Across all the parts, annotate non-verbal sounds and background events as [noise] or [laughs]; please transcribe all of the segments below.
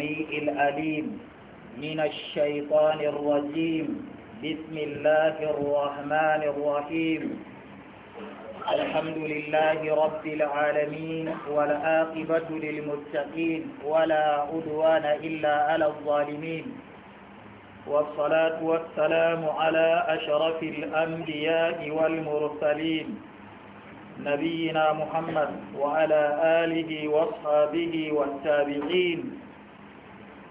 السميع الأليم من الشيطان الرجيم بسم الله الرحمن الرحيم الحمد لله رب العالمين والآقبة للمتقين ولا عدوان إلا على الظالمين والصلاة والسلام على أشرف الأنبياء والمرسلين نبينا محمد وعلى آله واصحابه والتابعين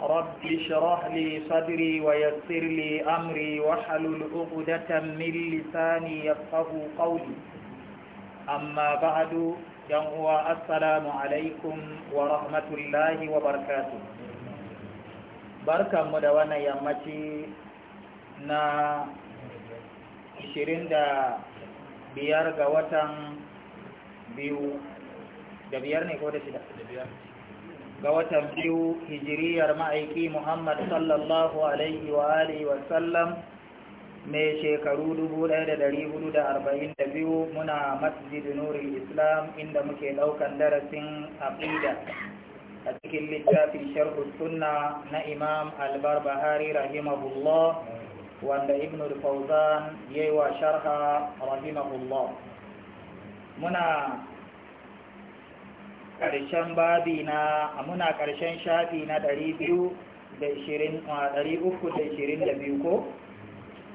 رب اشرح لي صدري ويسر لي أمري واحلل عقدة من لساني يفقه قولي أما بعد ينهو السلام عليكم ورحمة الله وبركاته بركة مدونة يمتي نا 25 ga watan biyu da biyar ne ko da shida ga watan biyu hijiriyar ma'aiki Muhammad sallallahu Alaihi wa Alihi wasallam mai shekaru 1442 muna masjid nuri islam inda muke daukan darasin aqida a cikin littafin sharhu sunna na imam albarbahari rahimahullah wanda ibn fawzan yayi wa sharha rahimahullah muna ƙarshen babi na muna ƙarshen shafi na 322 ko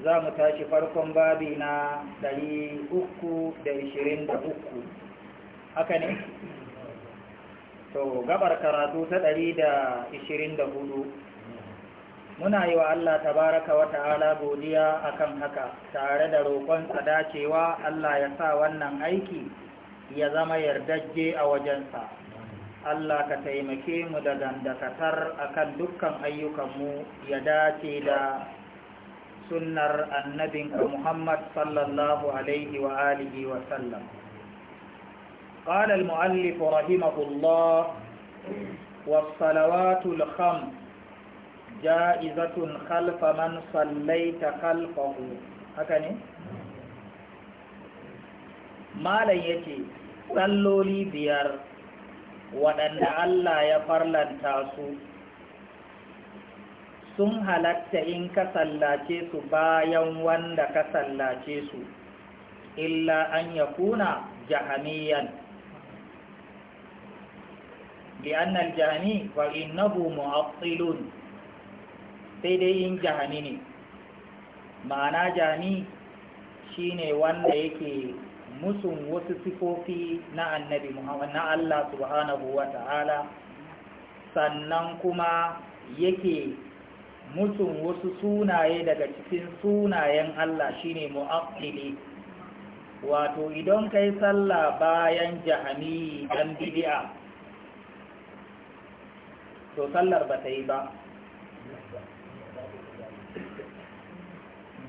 za mu tashi farkon babi na 323 haka ne? to gabar karatu ta 124 muna yi wa Allah tabaraka wa ta'ala godiya akan haka tare da roƙon cewa Allah ya sa wannan aiki ya zama yardajje a wajensa Allah ka taimake mu da dandakatar akan dukkan ayyukanmu ya dace da sunnar annabinka Muhammad sallallahu alaihi wa alihi wa sallam قال المؤلف رحمه الله والصلوات الخمس جائزة خلف من صليت خلفه هكذا malam ya ce tsalloli biyar waɗanda Allah ya farlanta su sun halatta in ka sallace su bayan wanda ka sallace su illa an ya kuna jahamiyan mu'attilun sai dai in jahami ne ma'ana jahami shine wanda yake musun wasu sifofi na annabi Muhammad na Allah subhanahu wa ta'ala sannan kuma yake musun wasu sunaye daga cikin sunayen Allah shine mu'aqqili wato idan kai sallah bayan jahani dan bid'a to sallar ba ta ba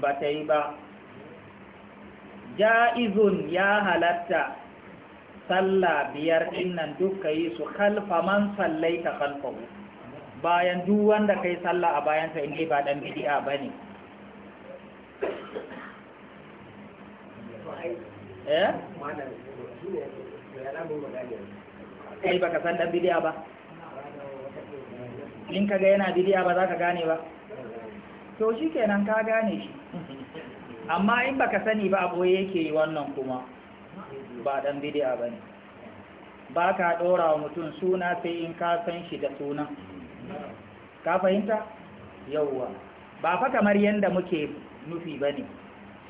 ba ta ba ja'izun ya halatta sallah biyar dinnan duka yi su kalfa man sallai sallaita kalfahu bayan duk wanda kai sallah a bayansa in dai ba dan bid'a bane eh kai baka san dan bid'a ba in kaga yana bid'a ba za ka gane ba to shikenan ka gane shi amma in baka sani ba abu yake yi wannan kuma ba dan ba ne. ba ka dora wa mutum suna sai in ka san shi da sunan ka fahimta yawwa ba fa kamar yadda muke nufi ba ne.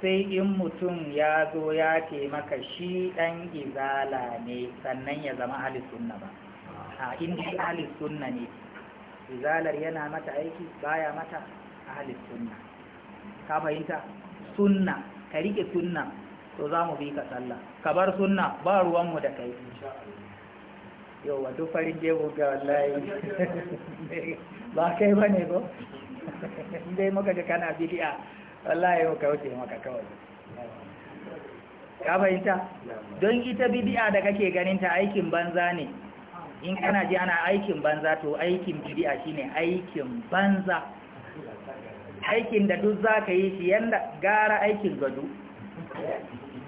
sai in mutum ya zo ya taimaka maka shi dan izala ne sannan ya zama ahli suna ba a inda ahli suna ne izalar yana mata aiki baya mata ahli suna. ka fahimta sunna ka rike sunna to za mu bi ka sallah ka bar sunna ba ruwanmu da kai yauwa duk farin jego ga wallahi [laughs] ba kai ba ne ko [laughs] dai muka ga kana bidiya wallahi yau kauce maka kawai ka fahimta don ita bidiya da kake ganin ta aikin banza ne in kana ji ana aikin banza to aikin bidiya shine aikin banza aikin da duk za ka yi shi yadda gara aikin gado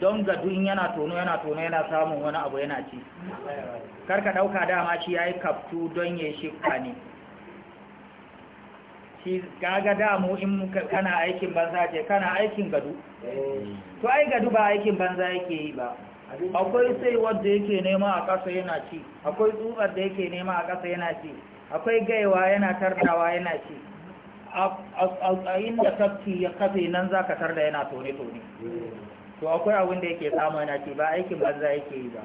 don gado in yana tono yana tono yana samun wani abu yana ci karka ɗauka dama shi ya yi kaftu don ya shi ne shi kaga damu in kana aikin banza ce kana aikin gado to ai gado ba aikin banza yake yi ba akwai sai wadda yake nema a ƙasa yana ci akwai tsubar da yake nema a ƙasa yana ci akwai gaiwa yana tartawa yana ci a da kafi ya kafe nan za ka tarda yana tone-tone to akwai abin da yake samu yana ce ba aikin banza yake yi ba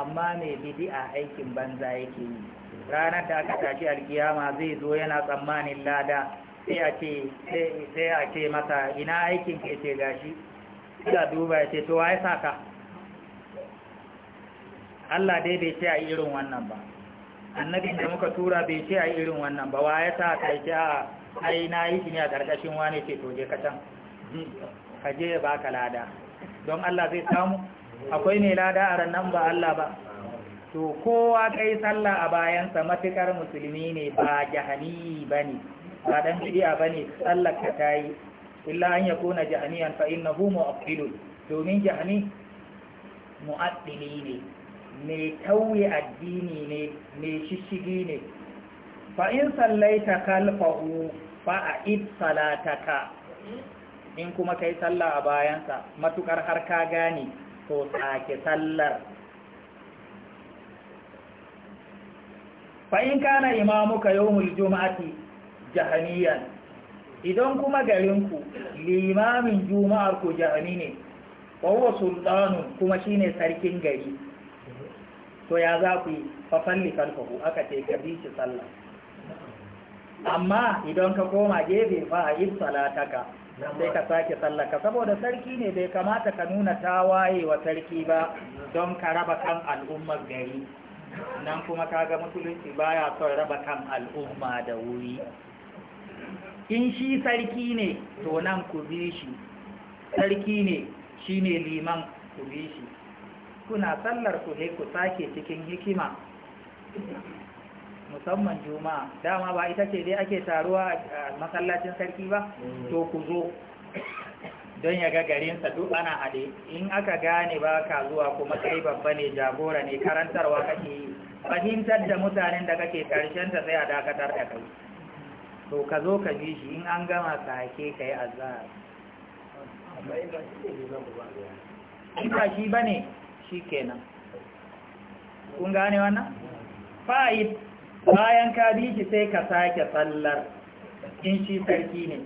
amma mai a aikin banza yake yi ranar da aka tashi alkiyama zai zo yana tsammanin lada sai a ce sai a ce masa ina aikin ke ce gashi ya duba ya ce to wai saka Allah dai bai ce a irin wannan ba annabin da muka tura bai ce a irin wannan ba wa ya sa ya ce a ai na yi shi ne a ƙarƙashin wane ce to je ka can ka je ba ka lada don Allah zai samu akwai mai lada a rannan ba Allah ba to kowa kai sallah a bayansa matukar musulmi ne ba jahani ba ne ba ɗan bidiya ba ne sallar ka ta yi illa an ya kona an fa inna hu mu'aqqilun domin jahani mu'aqqili ne mai tauye addini ne mai shishigi ne fa in sallaita kalfahu fa a'id salataka in kuma kai sallah a bayansa matukar har ka gane to sake sallar fa in kana imamuka yawmul juma'ati jahaniyan idan kuma garinku limamin juma'ar ku jahani ne wawa sultanu kuma shine sarkin gari to ya za ku yi fafalli kalfahu aka ce ka bi shi sallah amma idan ka koma gefe fa a yi salataka sai ka sake sallaka saboda sarki ne bai kamata ka nuna waye wa sarki ba don ka raba kan al'ummar gari nan kuma kaga musulunci baya son raba kan al'umma da wuri in shi sarki ne to nan ku bi shi sarki ne shi ne liman ku bi shi kuna sallar ku sai ku sake cikin hikima musamman juma'a dama ba ita ce dai ake taruwa a masallacin sarki ba to ku zo don ya ga garinsa duk ana haɗe in aka gane ba ka zuwa kuma kai babba ne jagora ne karantarwa kake yi fahimtar da mutanen da kake karshen ta sai a dakatar da kai to ka zo ka ji shi in an gama ka ka yi azahar in ba shi ba ne shi kenan kun gane wannan fa'id bayan ka bi shi sai ka sake sallar in shi sarki ne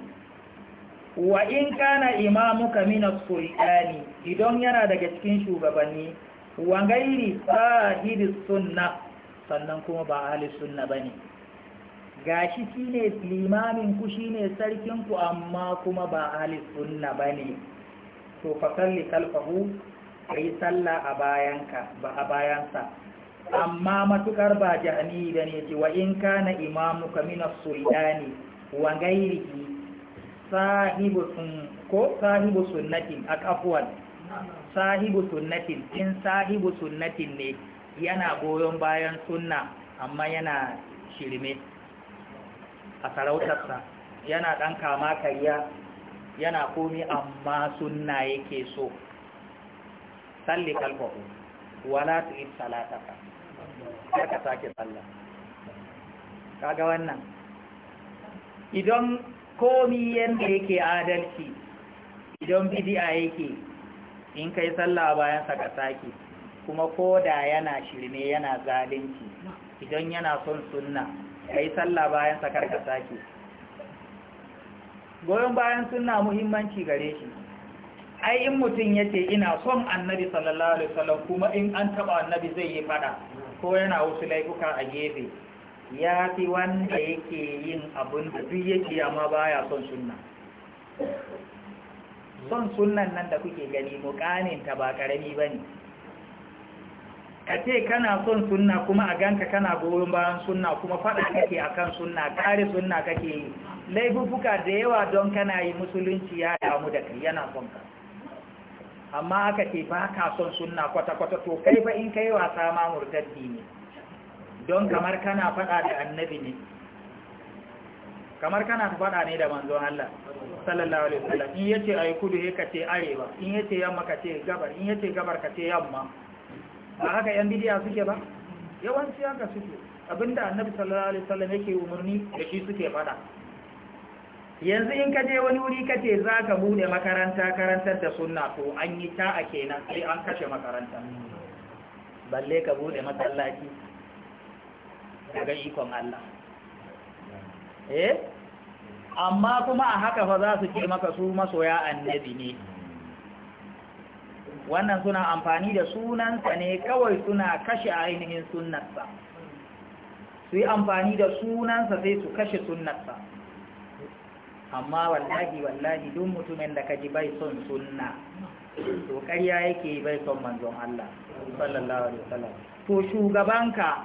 wa in kana imamu min sultani idan yana daga cikin shugabanni wa gairi sahibi sunna sannan kuma ba ahli sunna bane gashi shine limamin ku shine sarkin ku amma kuma ba ahli sunna bane to fa salli kalfahu ka salla a a bayansa amma matukar ba jahani da ne ce wa in na imamu kamina sultani wa gairiki sahibu sahibu sunnatin a kafuwan sahibu sunnatin in sahibu sunnatin ne yana goyon bayan sunna amma yana shirme a sarautarsa yana ɗan kama kariya yana komi amma sunna yake so salli kalfahu wala tu'id salataka sai ka sake tsalla kaga wannan idan komi yadda yake adalci idan bidiya yake in kai sallah bayan sa ka sake kuma ko da yana shirme yana zalunci idan yana son sunna kai sallah bayan sa ka sake goyon bayan sunna muhimmanci gare shi ai in mutum ya ina son annabi sallallahu alaihi wasallam kuma in an taba annabi zai yi fada ko yana wasu laifuka a gefe ya fi wanda yake yin abin da duk yake amma baya son sunna son sunnan nan da kuke gani mukanin ta ba karami bane ka ce kana son sunna kuma a ganka kana goyon bayan sunna kuma fada kake akan sunna kare sunna kake yi da yawa don kana yi musulunci ya damu da kai yana son ka amma aka ce ba ka son sunna kwata-kwata to kai ba in kai wasa ma murtaddi ne don kamar kana fada da annabi ne kamar kana fada ne da manzon Allah sallallahu alaihi wasallam in yace ai kudu he kace arewa in yace yamma kace gabar in yace gabar kace yamma ba haka yan bidiya suke ba yawanci haka suke abinda annabi sallallahu alaihi wasallam yake umurni da shi suke fada. yanzu in ka je wani wuri ka ce za ka bude makaranta karantar da sunna to an yi ta a kenan sai an kashe makaranta balle ka bude masallaci daga ikon Allah eh amma kuma a haka fa za su ke maka su masoya annabi ne wannan suna amfani da sunansa ne kawai suna kashe ainihin sunansa? su yi amfani da sunansa sai su kashe sunansa? amma wallahi wallahi duk mutumin da kaji bai son sunna to ƙarya yake bai son manzon Allah sallallahu alaihi wasallam to shugabanka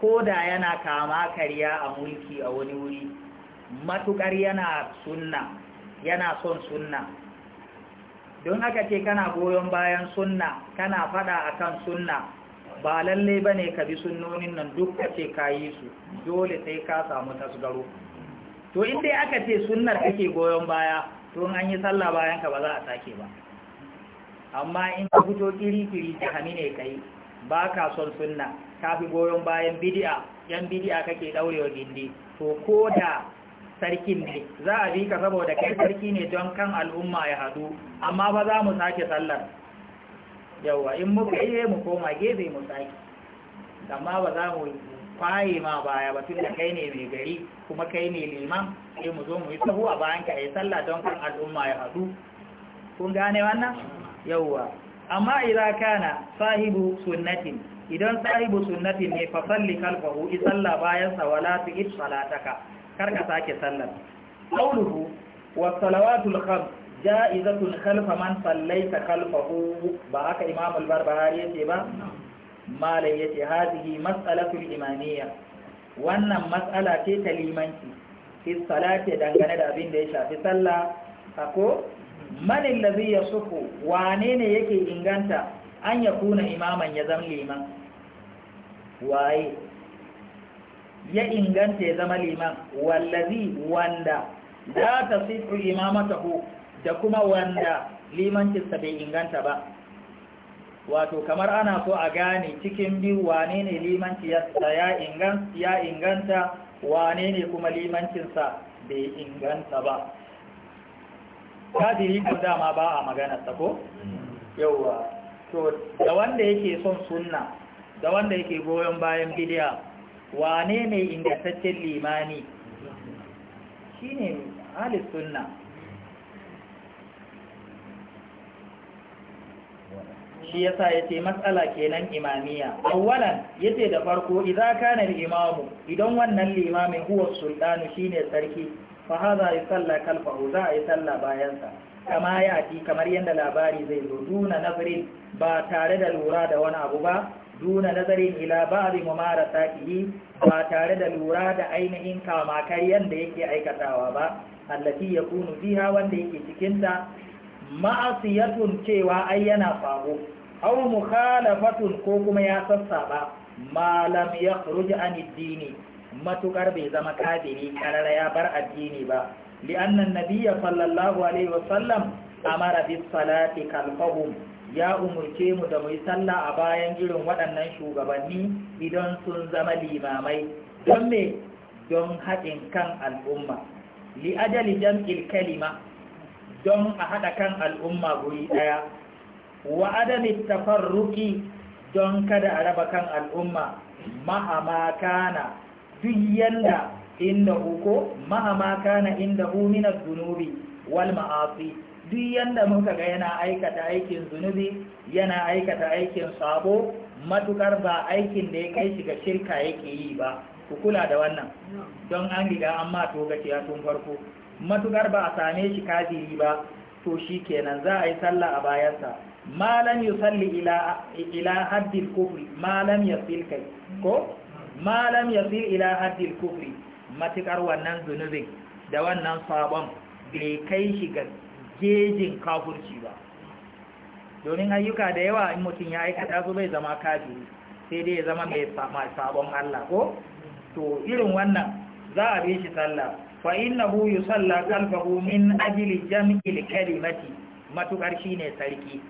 ko da yana kama kariya a mulki a wani wuri matukar yana sunna yana son sunna don haka ce kana goyon bayan sunna kana fada akan sunna ba lalle bane ka bi sunnonin nan duk ka ce kayi su dole sai ka samu tasgaro to in dai aka ce sunnar kake goyon baya to an yi sallah bayan ka ba za a sake ba amma in ka fito kiri-kiri jahami ne kai ba ka son sunna ka fi goyon bayan bidi'a yan bidi'a kake daurewa gindi to ko da sarkin ne za a bi ka saboda kai sarki ne don kan al'umma ya hadu amma ba za mu sake sallar yawa in muka yi mu koma gefe mu sake amma ba za mu faye ma baya ba tun da kai ne mai gari kuma kai ne liman sai mu zo mu yi sahu a bayan ka yi sallah don kan al'umma ya haɗu kun gane wannan yawwa amma idza kana sahibu sunnatin idan sahibu sunnatin ne fa salli i isalla bayan sa wala tu'id salataka kar ka sake sallar qauluhu was salawatul khams ja'izatun khalfa man sallaita khalfahu ba haka imam al-barbahari yace ba malai yace hadhihi mas'alatul imamiyya wannan mas'ala ce ta limanci fi salati dangane da abin da ya shafi sallah ako man allazi yasuhu wane ne yake inganta an ya kuna imaman ya zama liman waye ya inganta ya zama liman wallazi wanda za ta sifu imamatahu da kuma wanda limancinsa bai inganta ba wato kamar ana so a gane cikin biyu wane ne limanci ya inganta wane ne kuma limancinsa bai inganta ba kafiri kan dama ba a maganarsa ko yauwa to da wanda yake son sunna da wanda yake goyon bayan bidiya wane ne ingantaccen limani shi ne halis sunna shi yasa yace matsala kenan imamiya awwalan yace da farko idza kana al-imamu idan wannan limamin huwa sultanu shine sarki fa hadha yusalla kalfahu za a yi sallah bayan sa kama yati kamar yanda labari zai zo duna nazarin ba tare da lura da wani abu ba duna nazarin ila ba'di mumarasatihi ba tare da lura da ainihin kama karyan da yake aikatawa ba allati yakunu fiha wanda yake cikin ta ma'asiyatun cewa ai yana fago aw mukhalafatun ko kuma ya sassaba malam ya yakhruj an addini matukar bai zama kafiri karara ya bar addini ba Li'annan nabiyya sallallahu alaihi wasallam amara bis salati kalfahum ya umurce mu da mu yi sallah a bayan irin waɗannan shugabanni idan sun zama limamai don me don haɗin kan al'umma li ajali jam'il kalima don a haɗa kan al'umma guri ɗaya wa adami tafarruki don kada a raba kan al'umma ma'ama kana duk yanda inda huko ma'ama kana inda huminar zunubi wal ma'afi duk yanda muka ga yana aikata aikin zunubi yana aikata aikin sabo matukar ba aikin da ya kai shi ga shirka yake yi ba ku kula da wannan don an riga an ma a tun farko matukar ba a same shi kafiri ba to shi kenan za a yi sallah a bayansa ma lam yusalli ila ila haddi kufri ma lam yasil kai ko ma lam yasil ila haddi kufri matikar wannan zunubin da wannan sabon bai kai shi ga gejin kafurci ba domin ayyuka da yawa in mutum ya aikata su bai zama kafiri sai dai ya zama mai sabon Allah ko to irin wannan za a bi shi sallah fa innahu yusalla qalbuhu min ajli jam'il kalimati matukar shine sarki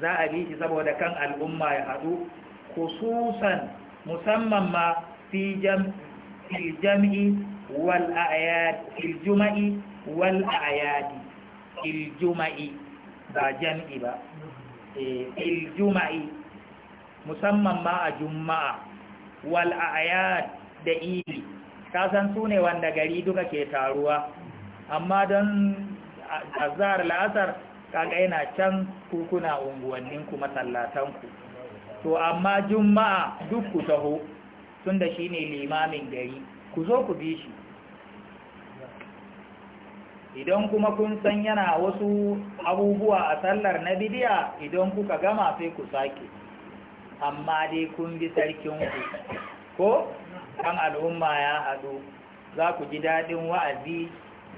za a bi shi saboda kan al'umma ya haɗu kususan musamman ma fi jam'i wal wal iljuma'i ba jam'i ba eh, iljuma'i musamman ma a juma'a wal a'yad da idi kasan su ne wanda gari duka ke taruwa amma don azhar la'asar kaga yana can unguwannin ku unguwanninku ku. to amma juma'a duk ku taho tun da shi ne limamin gari ku zo ku bi shi idan kuma kun san yana wasu abubuwa a sallar na bidiya idan kuka gama sai ku sake amma dai kun bi ku. ko kan al'umma ya haɗu za ku ji daɗin wa'azi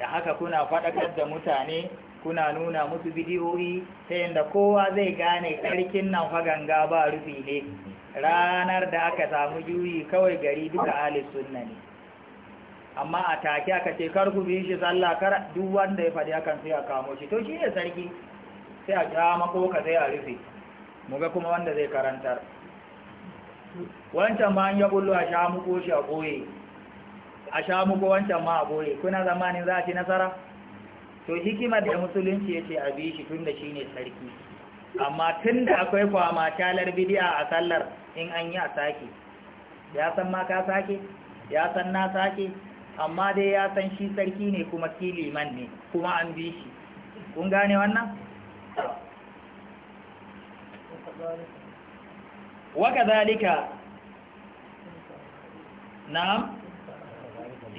da haka kuna faɗakar da mutane kuna nuna musu bidiyoyi ta yadda kowa zai gane tsarkin nan faganga ba rufi ne ranar da aka samu juyi kawai gari duka alis sunna ne amma a take aka ce kar ku biyu shi sallah kar duk wanda ya faɗi akan sai a kamo shi to shi ne sarki sai a ja makoka sai a rufe mu ga kuma wanda zai karantar wancan ma an ya bullo a sha muko shi a ɓoye a sha muko wancan ma a ɓoye kuna zamanin za a ci nasara to hikima da musulunci ya ce a bi shi tun da shi ne sarki amma tun da akwai kwama talar bid'a a sallar in an yi a sake ya san ma ka sake ya san na sake amma dai ya san shi sarki ne kuma kiliman ne kuma an bi shi kun gane wannan? waka zalika na'am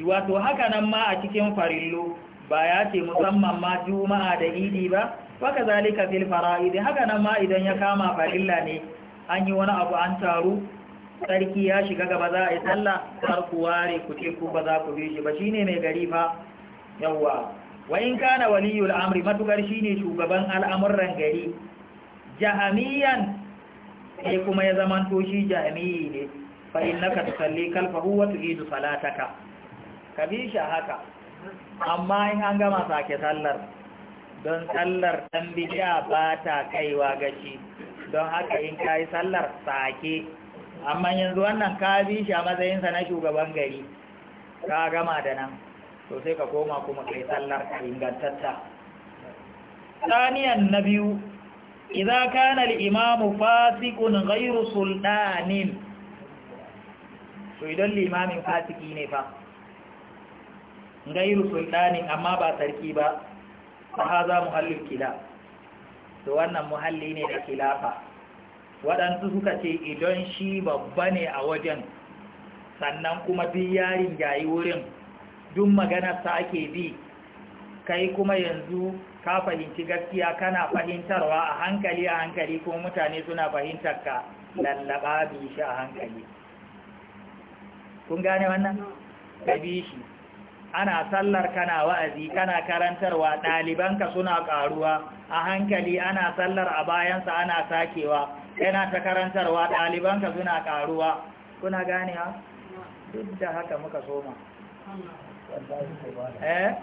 wato haka nan ma a cikin farillo ba ya ce musamman ma juma'a da idi ba waka zalika fil fara'idi haka nan ma idan ya kama farilla ne an yi wani abu an taru sarki ya shiga gaba za a yi sallah kar ku ware ku ce ku ba za ku bi shi ba shine mai gari fa yawwa wa in kana waliyul amri matukar shine shugaban al'amuran gari jahamiyan e kuma ya zamanto shi jahamiyi ne fa innaka tusalli kalfahu wa tu'idu salataka ka bi shi haka amma in an gama sake sallar don sallar ɗan bidiya ba ta kaiwa gashi don haka in ka yi sallar sake amma yanzu wannan ka bi shi a matsayinsa na shugaban gari ka gama da nan to ka koma kuma kai sallar ingantatta saniyan na biyu idza kana al-imamu fasiqun ghayru sultanin to idan limamin fasiki ne fa gairu sultanin amma ba sarki ba ba haza muhallin kila da wannan muhalli ne da kilafa waɗansu suka ce idan shi babba ne a wajen sannan kuma bi yarin yayi wurin duk maganarsa ake bi kai kuma yanzu ka fahimci gaskiya kana fahimtarwa a hankali a hankali kuma mutane suna fahimtar ka lallaba bi shi a hankali kun gane wannan ka bi shi ana sallar kana wa'azi kana karantarwa ɗalibanka suna ƙaruwa a hankali ana sallar a bayansa ana sakewa yana ta karantarwa ɗalibanka suna ƙaruwa kuna gane ha duk da haka muka soma eh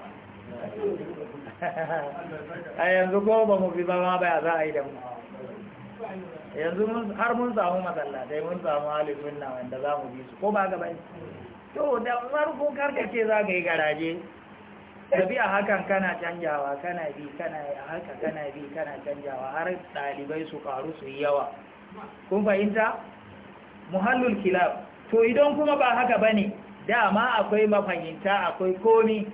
[laughs] a yanzu ko ba mu fi ba ma baya za a yi da mu yanzu har mun samu masallatai mun samu na wanda za mu bi su ko ba gaba to da marufin karka ce za ka yi garaje tafi a hakan kana canjawa kana bi kana a haka kana bi kana canjawa har ɗalibai su karu su yi yawa kun fahimta muhallul kilab to idan kuma ba haka ba ne dama akwai mafahimta akwai komi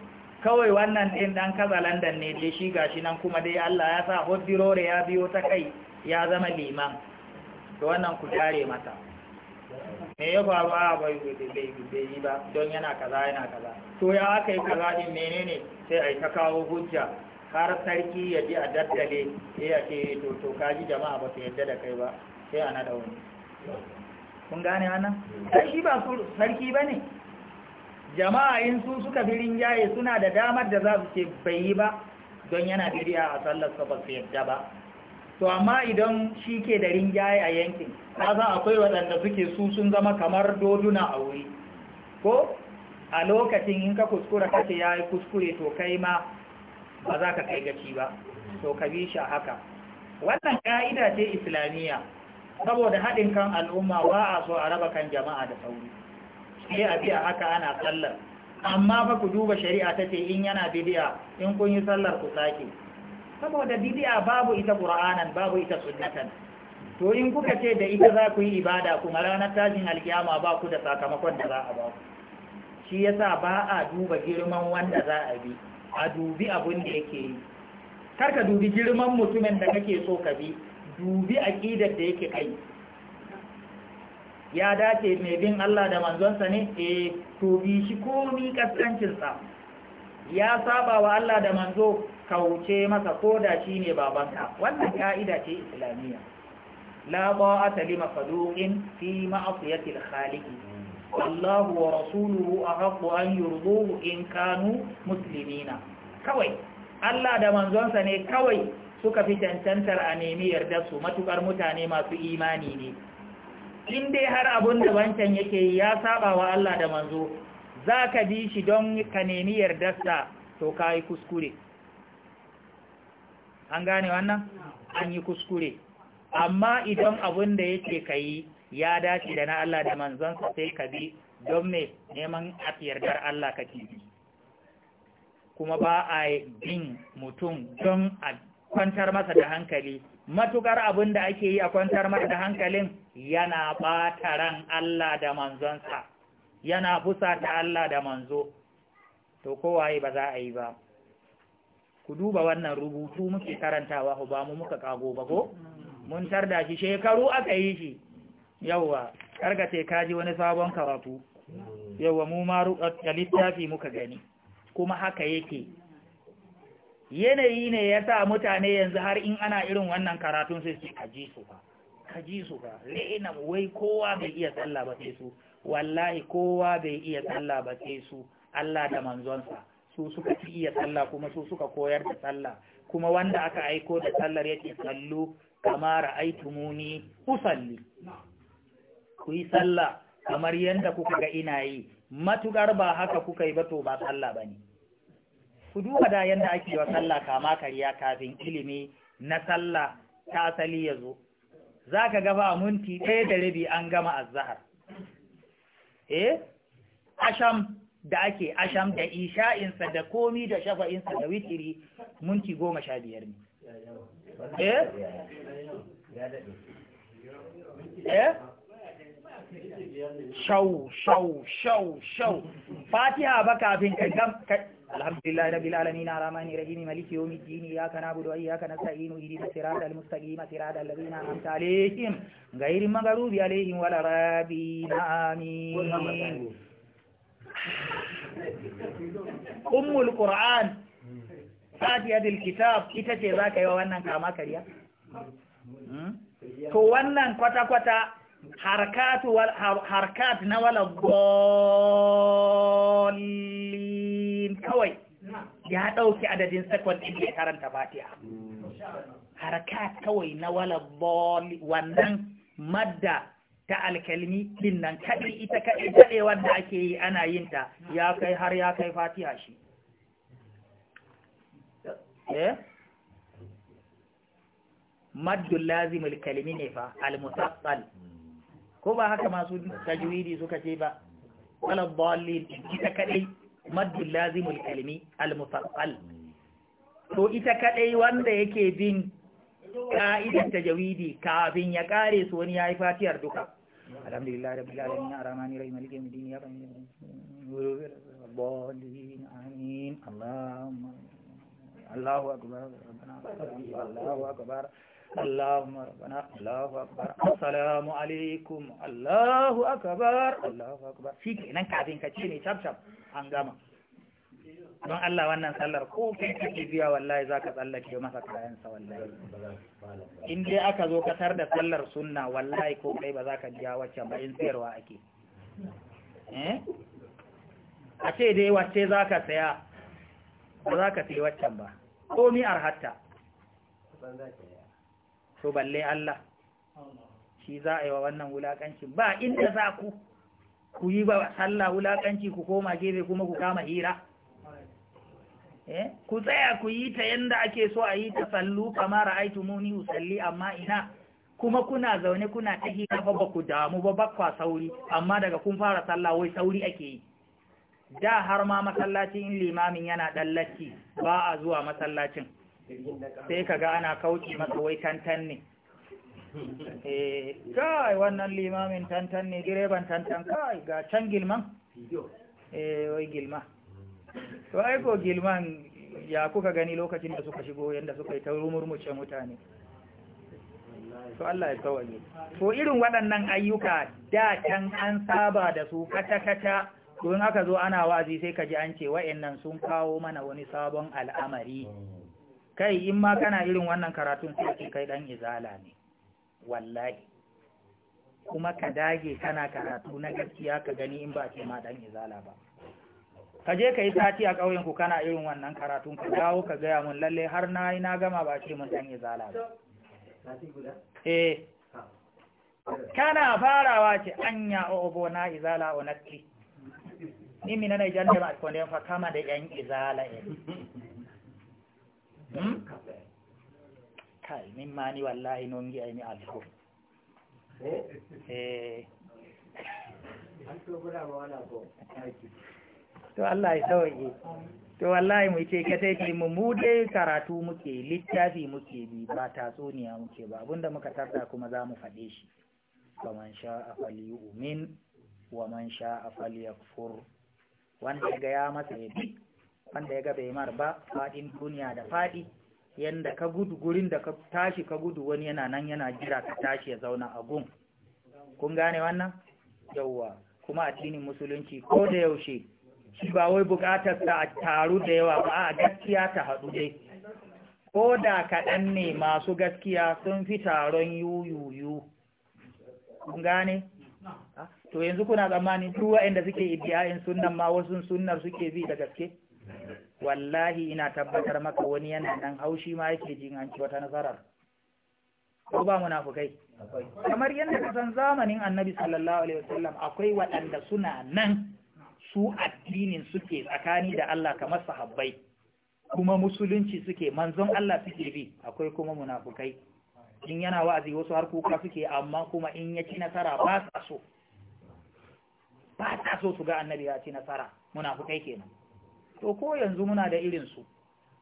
kawai wannan ɗin ɗan landan ne dai shi gashi nan kuma dai Allah ya sa hoddirore ya biyo ta kai ya zama liman to wannan ku tare mata me ya faru a bai bai yi ba don yana kaza yana kaza to ya aka yi kaza din menene sai a yi ta kawo hujja har sarki ya ji a daddale sai ya ce eh, to to kaji jama'a ba su yadda da kai ba sai ana da wani kun gane wannan sarki ba sarki ba ne jama'a in su suka fi rinjaye suna da damar da za su ce bai yi ba don yana biriya a sallar ba su yadda ba to amma idan shi ke da rinjaye a yankin za akwai waɗanda suke su sun zama kamar doduna a wuri ko a lokacin in ka kuskura kace ya yi kuskure to kai ma ba za ka kai gaci ba to ka bi shi haka wannan ka'ida ce islamiyya saboda haɗin kan al'umma ba a so a raba kan jama'a da sauri sai a biya haka ana sallar amma fa ku duba shari'a ta ce in yana bidiya in kun yi sallar ku sake saboda bidi'a babu ita qur'anan babu ita sunnatan to in kuka ce da ita za ku yi ibada kuma ranar tashin alkiyama ba ku da sakamakon da za a ba shi yasa ba a duba girman wanda za a bi a dubi abin da yake yi kar ka dubi girman mutumin da kake so ka bi dubi aqidar da yake kai ya dace mai bin Allah da manzonsa ne eh to bi shi komi kaskancin sa ya saba wa Allah da manzo kauce masa ko da shi ne babanka wannan ka'ida ce islamiyya la ba'ata li makhluqin fi ma'siyati al-khaliqi Allahu wa rasuluhu ahaqqu an yurduhu in kanu muslimina kawai Allah da manzonsa ne kawai suka fi tantantar a nemi yardar su matukar mutane masu imani ne in dai har abun da wancan yake ya saba wa Allah da manzo zaka bi shi don ka nemi yardarsa to kai kuskure an gane wannan an yi kuskure amma idan abin da yake ka yi ya dace da na Allah da manzansa sai ka bi don mai neman afiyardar Allah ka bi kuma ba a bin mutum don a kwantar masa da hankali matukar abin da ake yi a kwantar masa da hankalin yana ɓata ran Allah da manzonsa yana ta Allah da manzo to kowaye ba za a yi ba ku duba wannan rubutu muke karantawa ba mu muka kago ba ko mun tarda shi shekaru aka yi shi yawwa kargace kaji wani sabon karatu yawwa mu ma littafi muka gani kuma haka yake yanayi ne ya sa mutane yanzu har in ana irin wannan karatun sai su kaji su ba kaji su ba la'ina wai kowa bai iya sallah ba sai su wallahi kowa bai iya sallah ba sai su Allah da manzonsa su suka fi iya sallah kuma su suka koyar da sallah kuma wanda aka aiko da sallar yake sallu kamar aitumuni usalli ku yi sallah kamar yadda kuka ga ina yi matukar ba haka kuka yi ba to ba sallah bane ku duba da yadda ake wa sallah kama kariya kafin ilimi na sallah ta asali ya zo za ka gaba a munti ɗaya da rabi an gama azahar eh asham da ake asham da isha'insa da komi da shafa'insa da witiri minti goma sha biyar ne eh eh shau shau shau shau fatiha ba kafin ka gam alhamdulillah rabbil alamin arrahmanir rahim maliki yawmiddin iyyaka na'budu wa iyyaka nasta'in ihdinas siratal mustaqim siratal ladzina an'amta alaihim ghayril maghdubi alaihim waladdallin amin ummul qur'an fatiha dil kitab ita ce za ka yi wa wannan kama kariya hmm? to wannan kwata-kwata harkat na wala gollin kawai ya ɗauki adadin second din da karanta fatiha harkat kawai na wala gollin wannan madda ta alkalmi din nan kaɗai ita kaɗai daɗewar da ake yi ana yin ta ya kai har ya kai fatiha shi eh? maddul lazimul kalimi ne fa al ko ba haka masu tajwidi suka ce ba wala dalil ita kadai maddul lazimul kalimi al to ita kadai wanda yake bin ka'idar tajwidi kafin ya kare su wani yayi fatiyar duka الحمد لله رب العالمين الرحمن الرحيم مالك يوم الدين يا الضالين آمين اللهم الله أكبر ربنا الله أكبر اللهم ربنا الله أكبر السلام عليكم الله أكبر الله أكبر shi kenan kafin ka ce ne shaf shaf an gama don Allah wannan sallar ko kai kike biya wallahi zaka tsallake masa kayansa wallahi in dai aka zo katar da sallar sunna wallahi ko kai ba zaka biya wacce ba in sayarwa ake eh ace dai wacce zaka saya ba zaka saya waccan ba ko ni arhatta to balle Allah shi za a yi wa wannan wulakanci ba inda za ku ku yi ba sallah wulakanci ku koma gebe kuma ku kama hira Eh? ku tsaya ku yi ta yanda ake so a yi ta sallu kamar ra'aitu muni usalli amma ina kuma kuna zaune kuna ta hira ba ba ku damu ba bakwa sauri amma daga kun fara sallah wai sauri ake yi da har ma masallacin in limamin yana dallaci ba a zuwa masallacin sai kaga ana kauce masa wai tantan ne eh, kai wannan limamin tantan ne direban tantan kai ga can gilman eh wai gilma to aiko gilman ya kuka gani lokacin da suka shigo yadda suka yi ta rumurmuce mutane to Allah ya tsawaye to irin waɗannan ayyuka da can an saba da su kata-kata don aka zo ana wazi sai ka ji an ce wa'annan sun kawo mana wani sabon al'amari kai in ma kana irin wannan karatun sai kai dan izala ne wallahi kuma ka dage kana karatu na gaskiya ka gani in ba ce ma dan izala ba ka je ka yi sati a ƙauyen ku kana irin wannan karatun ka dawo ka gaya mun lalle har na yi na gama ba ce mun dan izala ba eh kana farawa ce anya obo na izala onatti ni mina na ijan ba ko ne fa kama da yan izala eh hmm kai min mani wallahi non gi ai ni alko eh eh wala ko to Allah ya sauke to wallahi mu ce ka sai mu mu dai karatu muke littafi muke bi ba tatsuniya muke ba abinda muka tarda kuma za mu faɗe shi wa man afali Umin, wa man sha afali yakfur wanda ya ga ya masa ya bi wanda ya ga bai mar ba faɗin duniya da faɗi yanda ka gudu gurin da ka tashi ka gudu wani yana nan yana jira ka tashi ya zauna a gun kun gane wannan yawwa kuma addinin musulunci ko da yaushe ci ba wai buƙatar ta a taru da yawa ba a gaskiya ta haɗu dai ko da kaɗan ne masu gaskiya sun fi taron yuyuyu kun gane to yanzu kuna tsammani duk waɗanda suke iddiyayin sunnan ma wasu sunnar suke bi da gaske wallahi ina tabbatar maka wani yana nan haushi ma yake jin an wata nasarar ko ba munafukai kamar yadda kasan zamanin annabi sallallahu alaihi wasallam akwai waɗanda suna nan su addinin suke tsakani da Allah kamar sahabbai kuma musulunci suke manzon Allah suke bi akwai kuma munafukai in yana wa'azi wasu har kuka suke amma kuma in ya ci nasara ba sa so ba sa so su ga annabi ya ci nasara munafukai kenan to ko yanzu muna da irin su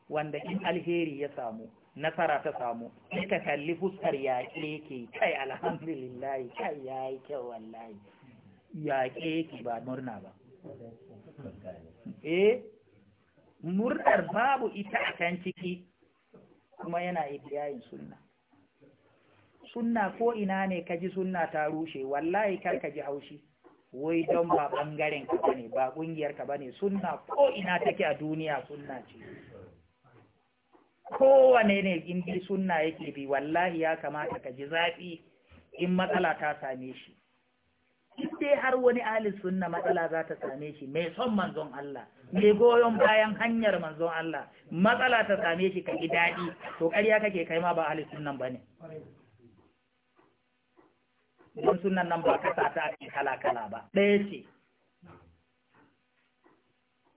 wanda in alheri ya samu nasara ta samu sai ka kalli fuskar yaƙe yake kai alhamdulillah kai yayi kyau wallahi yaƙe yake ba murna ba eh murar babu ita a kan ciki kuma yana ibiyayin sunna sunna ko ina ne ka ji sunna ta rushe wallahi kar ka ji haushi wai don ba bangaren ka bane ba kungiyar ka bane sunna ko ina take a duniya sunna ce kowane ne in bi sunna yake bi wallahi ya kamata ka ji zafi in matsala ta same shi sai har wani ahli sunna matsala za ta same shi mai son manzon Allah mai goyon bayan hanyar manzon Allah matsala ta same shi ka daɗi to ƙarya kake kai ma ba ahli sunnan ba ne don sunan nan ba kasa ta ake kala-kala ba ɗaya ce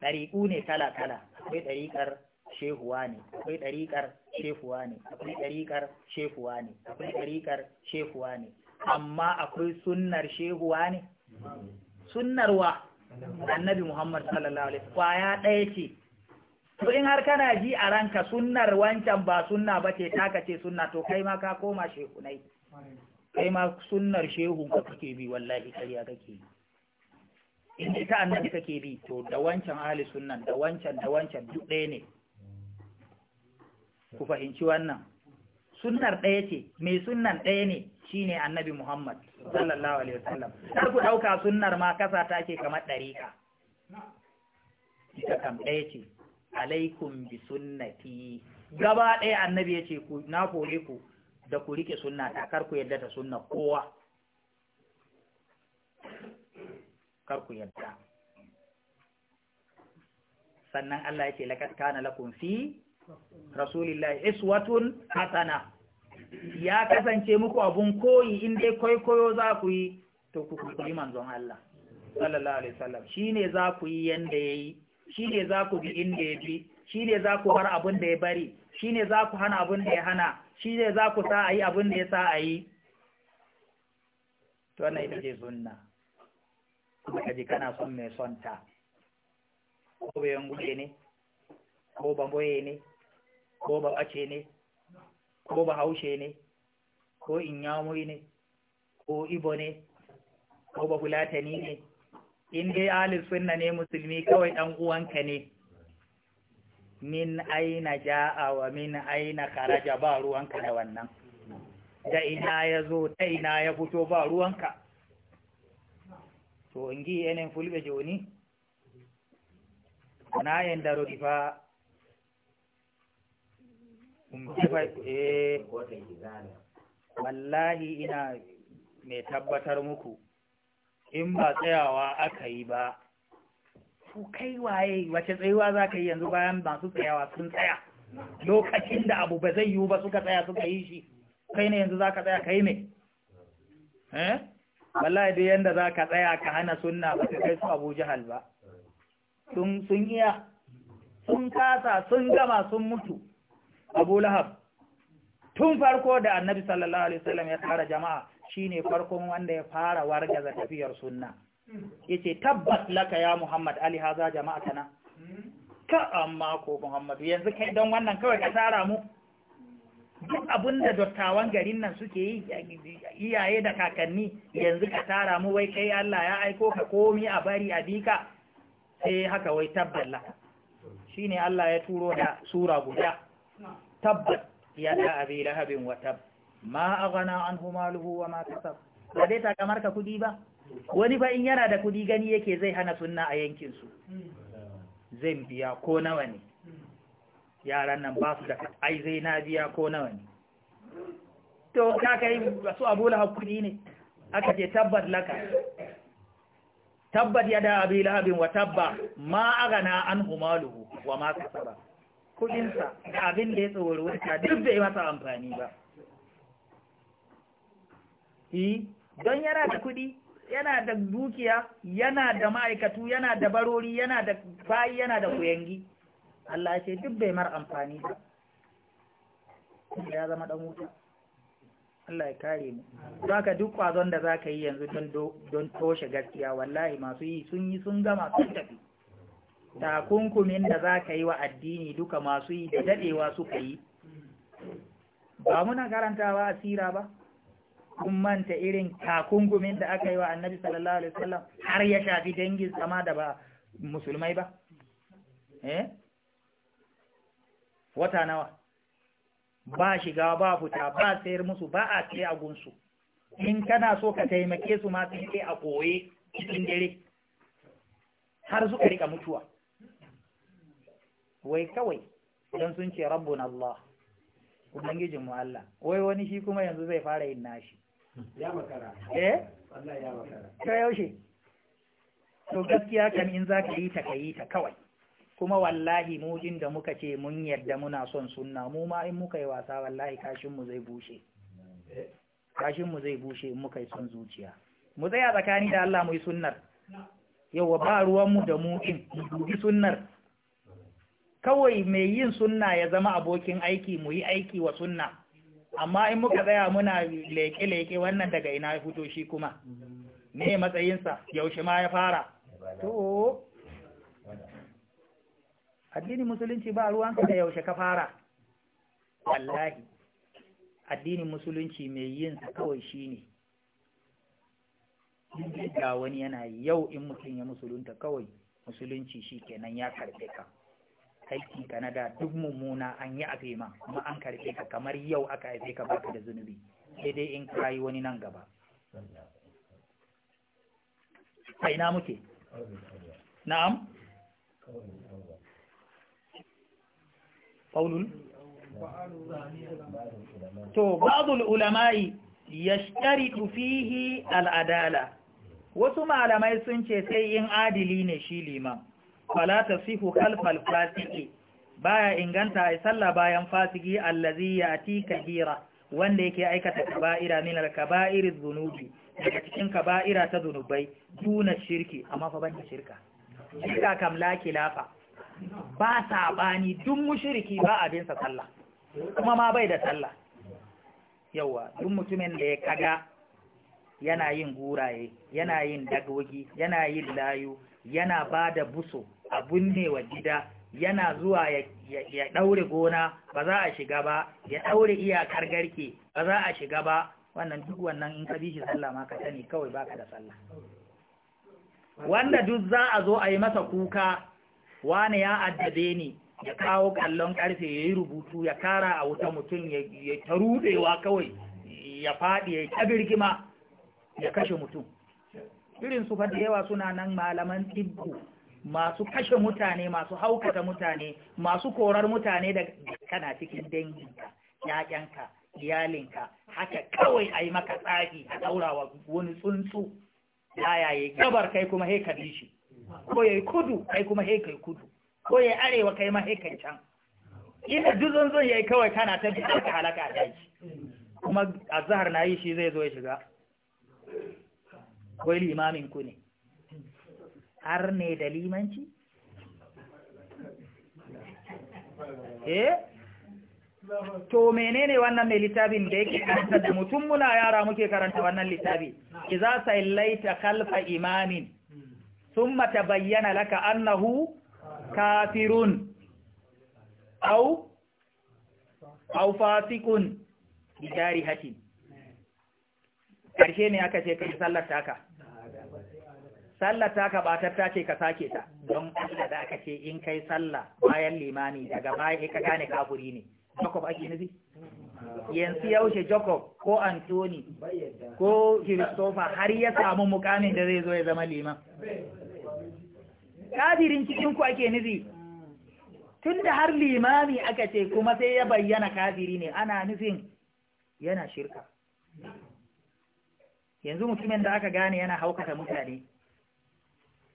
ɗariƙu ne kala-kala akwai ɗariƙar shehuwa ne akwai ɗariƙar shehuwa ne akwai ɗariƙar shehuwa ne akwai ɗariƙar shehuwa ne amma akwai sunnar shehuwa ne sunnarwa annabi Muhammad sallallahu alaihi kwaya ɗaya ce to in har kana ji a ranka sunnar wancan ba sunna ba ce taka ce sunna to kai ma ka koma nai. kai ma sunnar shehu ka kake bi wallahi kariya kake yi in ta annabi kake bi to da wancan ahli sunnan da wancan da wancan duk ɗaya ne ku fahimci wannan sunnar ɗaya ce mai sunnan ɗaya ne Shi ne annabi Muhammad sallallahu alaihi wasallam kar ku ɗauka sunnar ma kasa ta ke kamar dariƙa ita kam ɗaya ce alaikum bi sunnati gaba ɗaya annabi yace ku na kore ku da ku rike sunna ta kar ku yadda ta sunna kowa kar ku yadda sannan Allah yace laqad kana lakun fi rasulillahi iswatun hasana ya kasance muku abun koyi in dai kwaikwayo za ku yi to ku kuri manzon Allah sallallahu alaihi wasallam shine za ku yi yanda yayi shine za ku bi inda ya bi shine za ku bar abun da ya bari shine za ku hana abun da ya hana shine za ku sa ayi abun da ya sa ayi to wannan ita ce sunna kuma kaji kana son mai son ta ko bayan guje ne ko bamboye ne ko babace ne ko bahaushe ne ko inyamuri ne ko ibo ne ko bafulatani ne in dai alif sunna ne musulmi kawai ɗan uwanka ne min aina ja'a wa min aina kharaja ba ruwanka da wannan da ina ya zo ta ina ya fito ba ruwanka to in gi yanayin fulbe joni na yin da rufa Eh, wallahi ina mai tabbatar muku in ba tsayawa aka yi ba Su kai waye wace tsayuwa za ka yi yanzu bayan masu tsayawa sun tsaya lokacin da abu ba zai yiwu ba suka tsaya suka yi shi kai ne yanzu za ka tsaya kai mai eh wallahi da yanda za ka tsaya ka hana sunna ba ka kai su abu jihal ba sun iya sun kasa sun gama sun mutu abu lahab tun farko da annabi sallallahu alaihi wasallam ya tara jama'a shine farkon wanda ya fara wargaza tafiyar sunna yace tabbas laka ya muhammad ali haza jama'atana ka amma ko muhammadu yanzu kai don wannan kawai ka tara mu duk abinda dattawan garin nan suke yi iyaye da kakanni yanzu ka tara mu wai kai Allah ya aiko ka komi a bari a bika sai haka wai tabballa shine Allah ya turo da sura guda tabbat ya da abi lahabin wa tab ma aghana anhu maluhu wa ma kasab ba dai ta kamar ka kudi ba wani fa in yana da kudi gani yake zai hana sunna a yankin su zai biya ko nawa ne yaran nan ba su da ai zai na biya ko nawa ne to ka kai su abu lahab kudi ne aka ce tabbat laka tabbat ya da abi lahabin wa tabba ma aghana anhu maluhu wa ma kasaba kudinsa da abin da ya tsowarwarta duk da masa amfani ba yi don yana da kudi yana da dukiya yana da ma'aikatu yana da barori yana da bayi yana da kuyangi Allah ce duk bai mar amfani ba ya zama ɗan wuta Allah ya kare mu za ka duk kwazon da za ka yi yanzu don toshe gaskiya wallahi masu yi sun yi sun gama sun tafi takunkumin da za ka yi wa addini duka masu yi da daɗewa suka yi ba muna karantawa a sira ba kun manta irin takunkumin da aka yi wa annabi sallallahu alaihi wasallam har ya shafi dangin sama da ba musulmai ba eh wata nawa ba shiga ba fita ba sayar musu ba a tsaye a gunsu in kana so ka taimake su ma sai a koye cikin dare har suka rika mutuwa wai kawai don sun ce rabbun Allah ubangijin mu Allah wai wani shi kuma yanzu zai fara yin nashi ya makara eh Allah ya makara yaushe to gaskiya kan in za ka yi ta kai ta kawai kuma wallahi mu da muka ce mun yadda muna son sunna mu ma in muka yi wasa wallahi kashin mu zai bushe eh? kashin mu zai bushe in muka yi son zuciya mu tsaya tsakani da Allah mu yi sunnar yawa ba ruwan mu da mu in dubi sunnar kawai mai yin sunna ya zama abokin aiki mu yi aiki wa sunna amma in muka tsaya muna leke-leke wannan daga ina ya fito shi kuma ne matsayinsa yaushe ma ya fara to addini musulunci ba ruwanka da yaushe ka fara wallahi addinin musulunci mai yin sa kawai shine ga wani yana yau in mutum ya musulunta kawai musulunci shi kenan ya karfe ka aiki ka na da duk mummuna an yi afe ma kuma an karfe ka kamar yau aka haife ka baka da zunubi sai dai in kayi wani nan gaba sai na muke na'am qaulul to ba'dul ulama'i yashtaritu fihi al wasu malamai sun ce sai in adili ne shi liman fala tasihu khalfal fasiki baya inganta ai sallah bayan fasiki allazi yati kabira wanda yake aikata kaba'ira min al-kaba'iriz zunubi daga cikin kaba'ira ta zunubai duna shirki amma fa banda shirka shirka kam la kilafa ba sabani duk mushriki ba abin sa sallah kuma ma bai da sallah yawa duk mutumin da ya kaga yana yin guraye yana yin dagwagi yana yin layu yana bada buso a binne wa gida yana zuwa ya ɗaure gona ba za a shiga ba ya ɗaure iyakar garke ba za a shiga ba wannan duk wannan in ka bi shi sallah ma ka sani kawai baka da sallah wanda duk za a zo a yi masa kuka wani ya addabe ni ya kawo kallon karfe ya yi rubutu ya kara a wuta mutum ya ta rudewa kawai ya faɗi ya ta birgima ya kashe mutum irin su da yawa suna nan malaman tibbu masu kashe mutane masu haukata mutane masu korar mutane da kana cikin danginka ƴaƴanka iyalinka haka kawai a yi maka tsaki a ɗaurawa wani tsuntsu yaya ya gabar kai kuma he ka shi ko ya kudu kai kuma he kai kudu ko ya arewa kai ma he kai can ina duk zunzun ya yi kawai kana ta bi ka halaka a kuma azhar na yi shi zai zo ya shiga wai limamin ku ne har ne da limanci eh? eh to menene wannan mai littafin da yake karanta da mutum muna yara muke karanta wannan littafi iza laita khalfa imamin thumma bayyana laka annahu kafirun aw aw fasiqun bidari hatin karshe ne aka ce kai sallar taka sallar ta kabatar ce ka sake ta don Allah da aka ce in kai sallah bayan limami daga baya ka gane kafuri ne Jacob ake nufi yanzu yaushe Jacob ko Anthony ko Christopher har ya samu mukamin da zai zo ya zama liman kafirin cikin ku ake nufi tun da har limami aka ce kuma sai ya bayyana kafiri ne ana nufin yana shirka yanzu mutumin da aka gane yana haukata mutane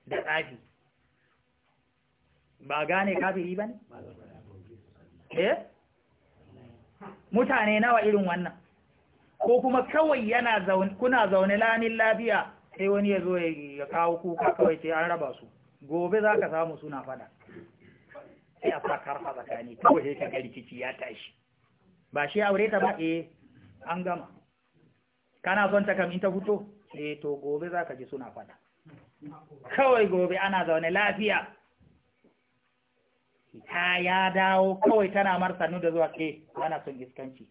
da tsafi ba gane kafiri ba ne? eh mutane nawa irin wannan ko kuma kawai yana zaune kuna zaune lanin lafiya sai wani ya zo ya kawo kuka kawai sai an raba su gobe za ka samu suna fada sai a fakar fa tsakani kawai sai ka rikici ya tashi ba shi aure ta ba eh an gama kana son ta kam in ta fito eh to gobe za ka ji suna fada kawai gobe ana zaune lafiya ta ya dawo kawai tana marsannu da zuwa ke mana son iskanci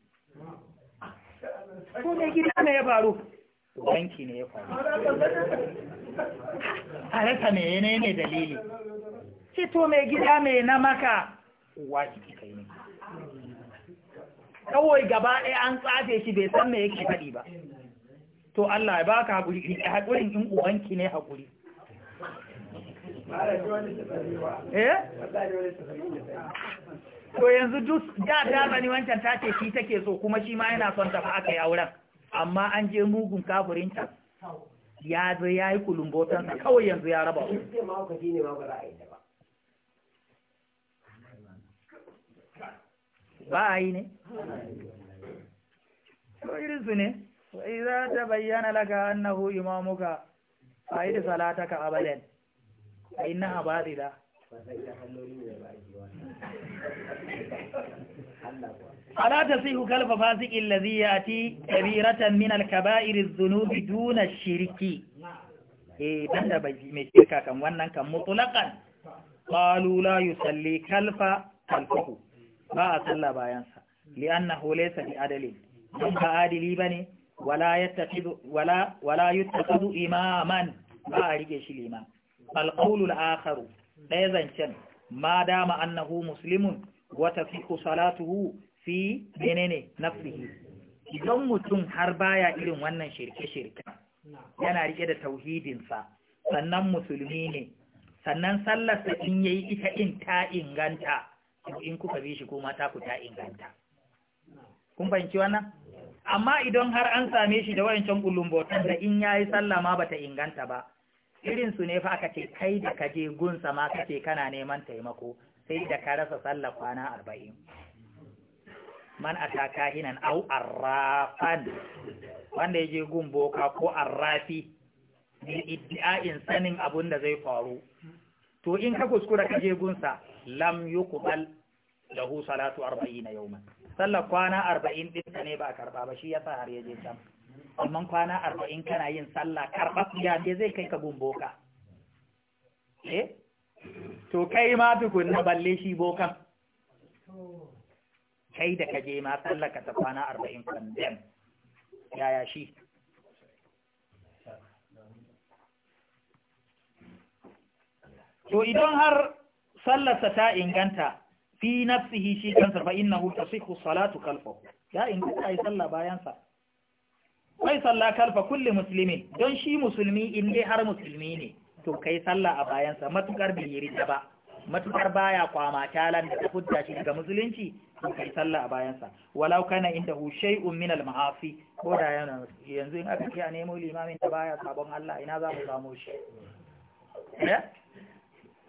ko ne gida ne ya faru banki ne ya faru a rasa ne ne ne dalili ce to mai gida mai na maka shi kika yi ne kawai gaba ɗaya an tsafe shi bai san me yake faɗi ba to Allah ya baka haƙuri haƙurin in ubanki ne haƙuri Eh? to yanzu duk da ta wancan ta ce shi take so kuma shi ma yana son tafi aka yi auren amma an je mugun kafirin ta ya zo ya yi kulumbotan sa kawai yanzu ya raba ba a yi ne to irin su ne za ta bayyana laka annahu imamuka a yi da salataka abadan a ina ha da ala ta sihu kalfa fasikin lazi ya ti kabiratan min alkaba'ir zunubi duna shirki eh banda bai mai shirka kan wannan kan mutulakan qalu la yusalli kalfa kalfahu ba a sallah bayansa li'annahu laysa bi adalin don ba adili bane wala yattakhidhu wala wala yattakhidhu imaman ba a rike shi liman alƙaunul akharu ɗaya zancen ma dama annahu muslimun wata fi salatuhu fi menene nafsihi idan mutum har baya irin wannan shirke-shirke yana rike da tauhidinsa sannan musulmi ne sannan sallarsa in yayi ita in ta inganta in kuka bi shi kuma ta ku ta inganta kun fahimci wannan amma idan har an same shi da wayancan kullum botan da in yayi sallah ma bata inganta ba irin su ne fa aka ce kai da kaje gunsa ma kake kana neman taimako sai da ka rasa sallar kwana arba'in man ata kahinan au arrafan wanda ya je gun boka ko arrafi bi iddi'a'in sanin abun da zai faru to in ka kuskura ka je gunsa lam da hu salatu na yau man sallar kwana arba'in din ne ba a karɓa ba shi ya yasa har ya je can amma kwana arba'in kana yin sallah ya ce zai kai ka gumbo boka eh to kai ma tukun na balle shi bokan kai da kaje ma sallah ka ta kwana arba'in kandem yaya shi to idan har sallarsa ta inganta fi nafsihi shi kansa fa innahu tasihhu salatu kalfa ya inganta ai sallah bayan sa kai sallah kalfa kulli musulmi don shi musulmi in dai har musulmi ne to kai sallah a bayansa matukar bai yi ba matukar baya kwama talan da fudda shi daga musulunci to kai sallah a bayansa walau kana inda hu shay'un min al-ma'asi ko da yana yanzu in aka ce a nemo limamin da baya sabon Allah ina za mu samu shi eh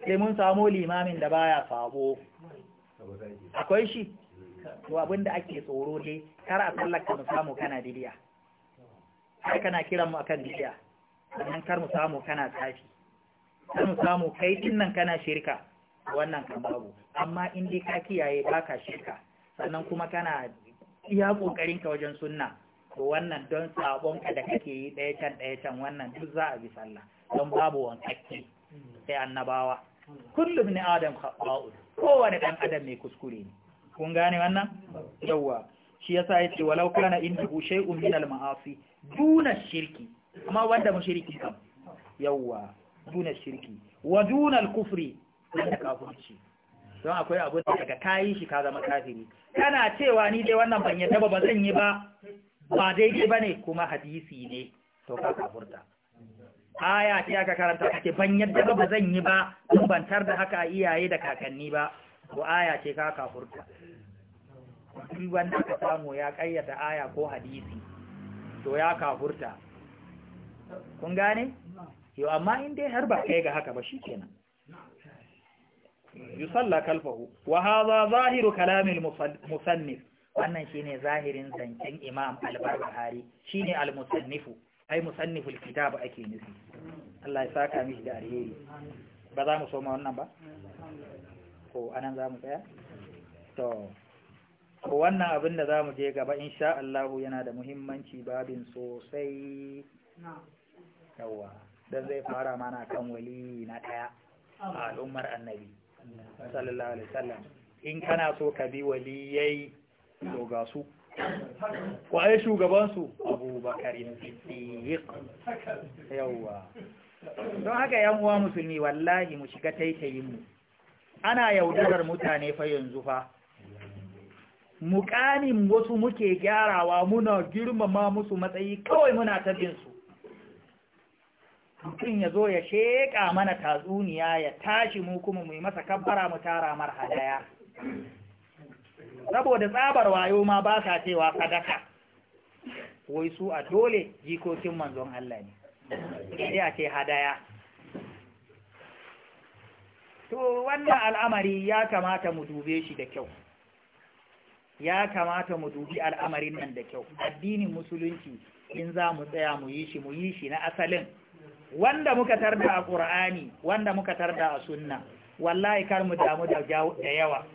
sai mun samu limamin da baya sabo akwai shi to abinda ake tsoro dai kar a sallaka mu samu kana bidiya sai kana kiran mu akan bid'a sannan kar mu samu kana tsafi kar mu samu kai dinnan kana shirka wannan kan babu amma in dai ka kiyaye baka shirka sannan kuma kana iya kokarin ka wajen sunna to wannan don sabon ka da kake yi ɗaya can ɗaya can wannan duk za a bi sallah don babu wankaki. sai annabawa kullum ibn adam khata'u kowane dan adam mai kuskure ne kun gane wannan yawa shi yasa yace walau kana indahu shay'un min al-ma'asi duna shirki amma wanda mushriki kam yawa duna shirki wa duna al-kufri wanda kafirci don akwai abu da daga kayi shi ka zama kafiri kana cewa ni dai wannan ban yadda ba zan yi ba ba daidai ba ne kuma hadisi ne to ka kafurta aya ce aka karanta kake ban yadda ba zan yi ba in bantar da haka iyaye da kakanni ba ko aya ce ka kafurta duk wanda ka samu ya kayyata aya ko hadisi to ya kafurta kun gane yau amma in dai har ba kai ga haka ba shikenan yusalla kalfahu wa hadha zahiru kalamil musannif wannan shine zahirin zancen imam al-barbahari shine al-musannifu ai musanniful kitab ake nufi Allah ya saka mishi da alheri ba za mu soma wannan ba ko anan za mu tsaya to wannan abin da za mu je gaba insha Allah yana da muhimmanci babin sosai yawa don zai fara mana kan wali na daya a al'ummar annabi sallallahu alaihi wasallam in kana so ka bi waliyai to ga su kwaye shugabansu abubakar siddiq yawa don haka yan uwa musulmi wallahi mu shiga taitayin mu ana yaudarar mutane fa yanzu fa muƙamin wasu muke gyarawa muna girmama musu matsayi kawai muna tabinsu mutum ya zo ya sheƙa mana tatsuniya ya tashi mu kuma mu masa kabbara mu tara mar hadaya saboda tsabar wayo ma ba sa cewa sadaka wai su a dole jikokin manzon Allah ne sai a ce hadaya to wannan al'amari ya kamata mu dube shi da kyau ya kamata mu dubi al'amarin nan da kyau addinin musulunci in za mu tsaya mu yi shi mu yi shi na asalin wanda muka tarda a ƙur'ani wanda muka tarda a sunna wallahi kar mu damu da yawa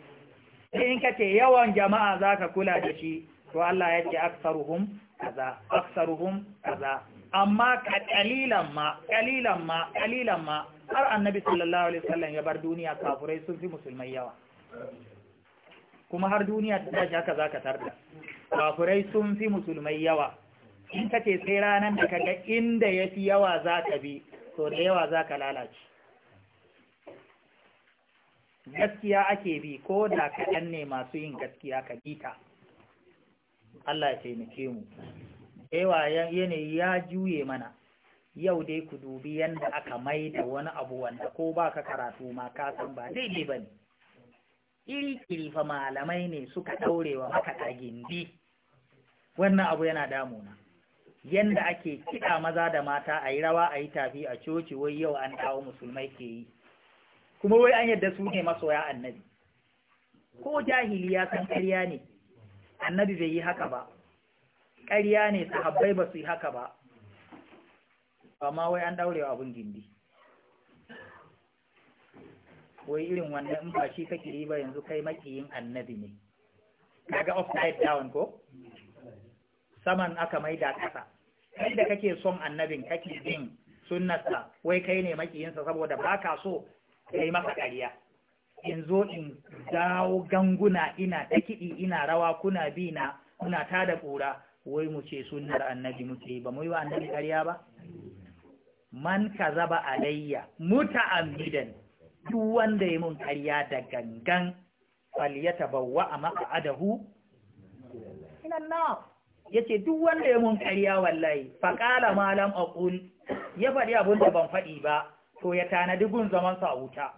In in kace yawan jama'a zaka kula da shi to Allah ya ce aksaruhum kaza aksaruhum kaza amma ka kalilan ma kalilan ma kalilan ma har annabi sallallahu alaihi wasallam ya bar duniya kafurai sun fi musulmai yawa kuma har duniya ta tashi haka za ka tarda kafirai sun fi musulmai yawa in ka ce sai ranar da kaga inda ya fi yawa za ka bi to da yawa za ka lalace gaskiya ake bi ko da kaɗan ne masu yin gaskiya ka bi ta Allah ya taimake mu yawa yanayi ya juye mana yau dai ku dubi yadda aka mai da wani abu wanda ko ba ka karatu ma ka san ba daidai ba ne kirkiri fa malamai ne suka ɗaure wa makaɗa gindi wannan abu yana damuna yanda ake kiɗa maza da mata a yi rawa a yi tafi a coci wai yau an dawo musulmai ke yi kuma wai an yadda su ne masoya annabi ko jahili ya san ƙarya ne annabi bai yi haka ba ƙarya ne sahabbai ba su yi haka ba amma wai an ɗaure wa abin gindi wai irin wannan in ba shi kake yi ba yanzu kai makiyin annabi ne kaga upside down ko saman aka maida ƙasa kai da kake son annabin kake bin sunnarsa wai kai ne makiyinsa saboda ba ka so kai masa ƙarya in zo in dawo ganguna ina ta kiɗi ina rawa kuna bi na kuna ta da ƙura wai mu ce sunnar annabi mu ce ba mu yi wa annabi ƙarya ba man ka zaba alayya Amidan. duk wanda ya mun ƙarya da gangan faliyata bawa a ma'adahu na ya ce duk wanda ya mun ƙarya wallahi faƙala malam aqul ya faɗi abin da ban faɗi ba to ya tana digun zaman sa wuta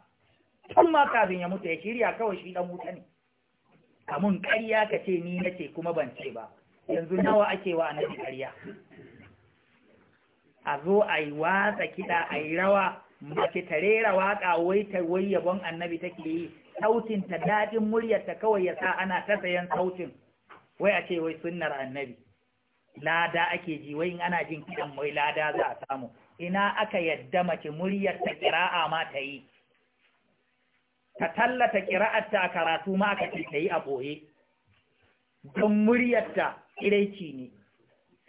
tun ma kafin ya mutu ya shirya kawai shi dan wuta ne kamun ƙarya ka ce ni nace kuma ban ce ba yanzu nawa ake wa annabi ƙarya a zo a yi watsa kiɗa a yi rawa mace ta rera waƙa wai ta wai annabi take yi sautin ta daɗin muryar ta kawai ya sa ana ta sayan sautin wai a ce wai sunnar annabi lada ake ji wai in ana jin kiɗan wai lada za a samu ina aka yadda mace muryar ta kira'a ma ta yi ta tallata ƙira'arta a karatu ma aka ce ta yi a ɓoye don muryarta iraici ne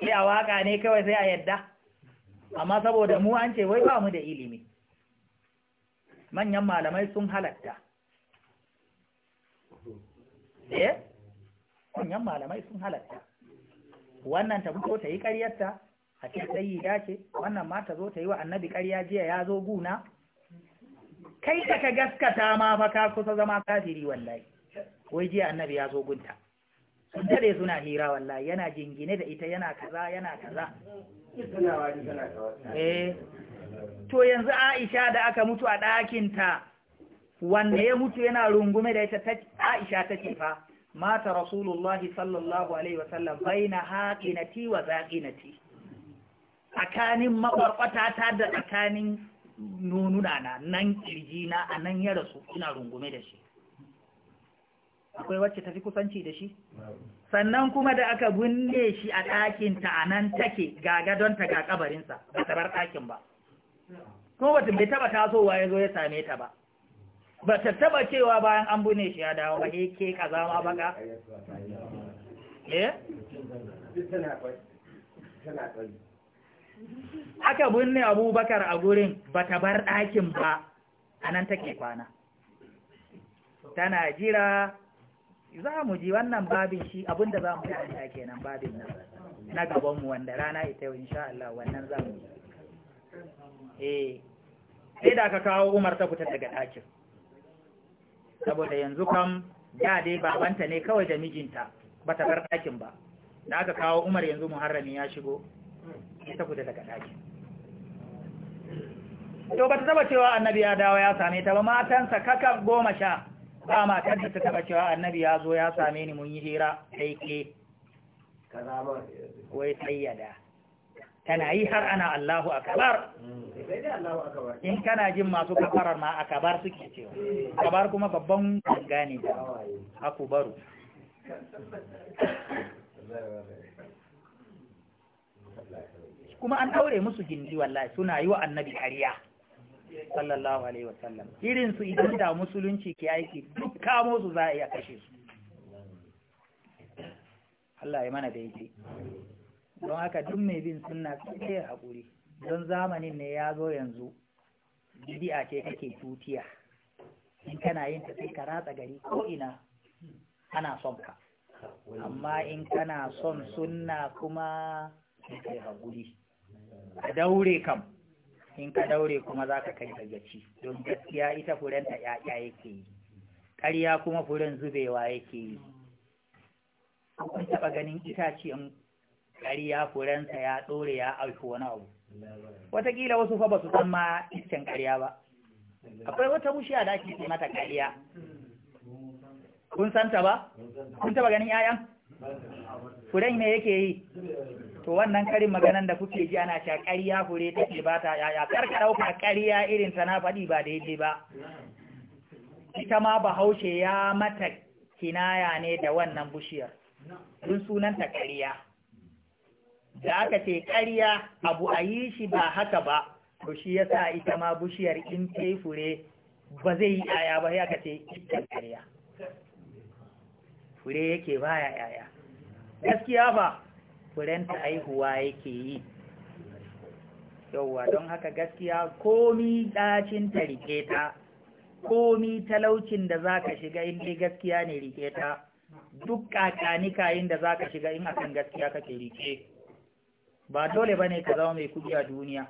sai a waƙa ne kawai sai a yadda amma saboda mu an ce wai ba mu da ilimi manyan malamai sun halatta eh manyan malamai sun halatta wannan ta fito ta yi ƙaryarta a ce tsayi dace wannan ma ta zo ta yi wa annabi ƙarya jiya ya zo guna kai ka ka gaskata ma fa ka kusa zama kafiri wallahi wai jiya annabi ya zo gunta sun dade suna hira wallahi yana jingine da ita yana kaza yana kaza eh to yanzu Aisha da aka mutu a ɗakinta wanda ya mutu yana rungume da ita Aisha ta ce fa mata Rasulullah sallallahu alaihi wasallam baina haqinati wa zaqinati makwarkwata ta da tsakanin nununa na nan kirji a nan ya rasu ina rungume da shi akwai wacce ta fi kusanci da shi sannan kuma da aka binne shi a ɗakinta a nan take gaga don ta ga kabarinsa ba ta bar ɗakin ba ko bata bai taba tasowa ya zo ya same ta ba ba ta taba cewa bayan an bune shi ya dawo ba ke kaza ma baka eh aka binne abubakar a gurin ba ta bar ɗakin ba a nan take kwana tana jira za mu ji wannan babin shi abinda za mu yi a kenan babin nan na gabanmu wanda rana ita yau insha Allah wannan za yi eh sai da aka kawo umar ta fitar daga ɗakin saboda yanzu kam ya dai babanta ne kawai da mijinta ba ta bar ɗakin ba da aka kawo umar yanzu muharrami ya shigo Ya ta fita daga ɗakin to ba ta taba cewa annabi ya dawo ya same ta ba matansa kaka goma sha ba matar da ta taba cewa annabi ya zo ya same ni mun yi hira sai ke wai sai ya da tana yi har ana Allahu akabar in kana jin masu kafarar ma akabar suke cewa akabar kuma babban gane ne da baro kuma an aure musu gindi wallahi suna yi wa annabi kariya sallallahu alaihi wasallam irin su idan da musulunci ke aiki duk kamo su za a a kashe su Allah ya mana da yake don haka duk mai bin sunna sai ya haƙuri don zamanin ne ya zo yanzu bidi'a ce kake tutiya in kana yin ta sai ka ratsa gari ko ina ana son ka amma in kana son sunna kuma sai haƙuri ka daure kam in ka daure kuma za ka kai gaggaci don gaskiya ita furen ta ‘ya'ya yake yi ƙarya kuma furen zubewa yake yi kun taɓa ganin itace ƙarya furensa ya ɗore ya aiki wani abu wataƙila wasu fa ba su san ma iccen ƙarya ba akwai wata mushiya da ake mata ƙarya kun santa ba kun taba ganin 'ya'yan furen me yake yi to wannan karin maganan da kuke ji ana cewa ƙariya fure ta ba ta yaya kar ka ɗauka irin ta na faɗi ba daidai ba ita ma bahaushe ya mata kinaya ne da wannan bushiyar dun sunanta ƙarya da aka ce ƙarya abu a yi shi ba haka ba to shi ya sa ita ma bushiyar in ta fure ba zai yi yaya ba ya ka ce ita ƙarya fure yake ba ya ƴaya. gaskiya ba furenta aihuwa yake yi yauwa don haka gaskiya komi ɗacin ta rike ta komi talaucin da za ka shiga in dai gaskiya ne rike ta duk ƙaƙani da za ka shiga in akan gaskiya kake rike ba dole bane ka zama mai kuɗi a duniya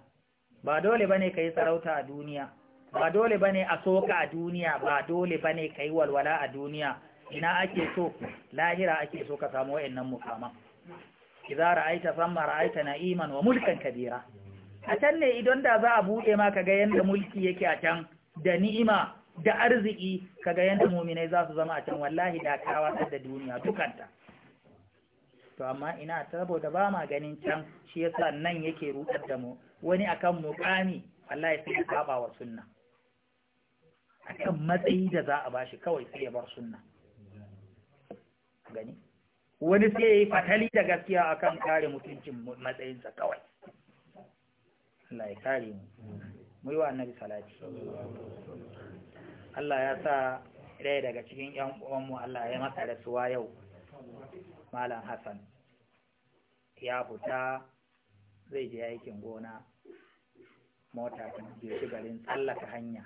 ba dole bane ka yi sarauta a duniya ba dole bane a soka a duniya ba dole bane ka yi walwala a duniya ina ake so lahira ake so ka samu wayannan mukama idza ra'aita samma ra'aita na'iman wa mulkan kabira a can ne idan da za a buɗe ma kaga yanda mulki yake a can da ni'ima da arziki ka ga yanda muminai za su zama a can wallahi da kawa da duniya dukanta to amma ina saboda ba ma ganin can shi yasa nan yake rudar da mu wani akan muqami Allah ya sai saba wa sunna akan matsayi da za a bashi kawai sai ya bar sunna gani wani sai yayi fatali da gaskiya akan kare mutuncin matsayinsa kawai Allah ya kare mu mu yi wa annabi salati Allah ya sa ɗaya daga cikin ‘yan uwanmu Allah ya masa rasuwa yau malam hassan ya fita zai je aikin gona mota ta shi garin tsallaka hanya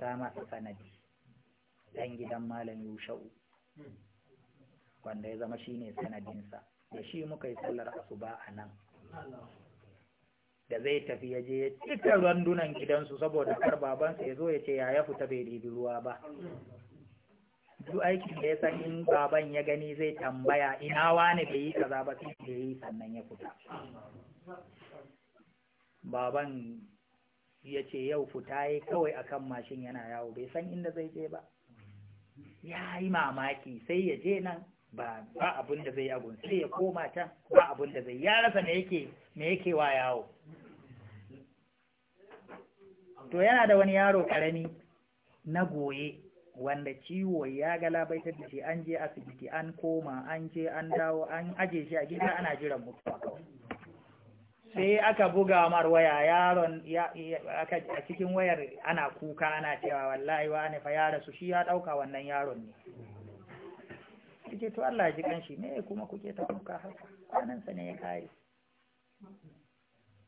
ta masa sanadi ɗan gidan malam yusha'u wanda ya zama shi ne sanadinsa da shi muka yi sallar asuba a nan da zai tafi ya je ya cika randunan gidansu saboda kar ya zo ya ce ya ya fita bai ribi ruwa ba duk aikin da ya san in baban ya gani zai tambaya ina wani bai yi kaza ba sai da yi sannan ya fita baban ya ce yau fita yi kawai akan mashin yana yawo bai san inda zai je ba ya yi mamaki sai ya je nan ba abin da zai agun sai ya koma can ba abin da zai ya rasa me yake me yake wa yawo to yana da wani yaro karami na goye wanda ciwo ya galabaitar da shi an je asibiti an koma an je an dawo an aje shi a gida ana jiran mutuwa sai aka buga mar waya yaron a cikin wayar ana kuka ana cewa wallahi wani fa ya rasu shi ya dauka wannan yaron ne kike to Allah ji kanshi me kuma kuke ta kuka haka kwanan ne ya kare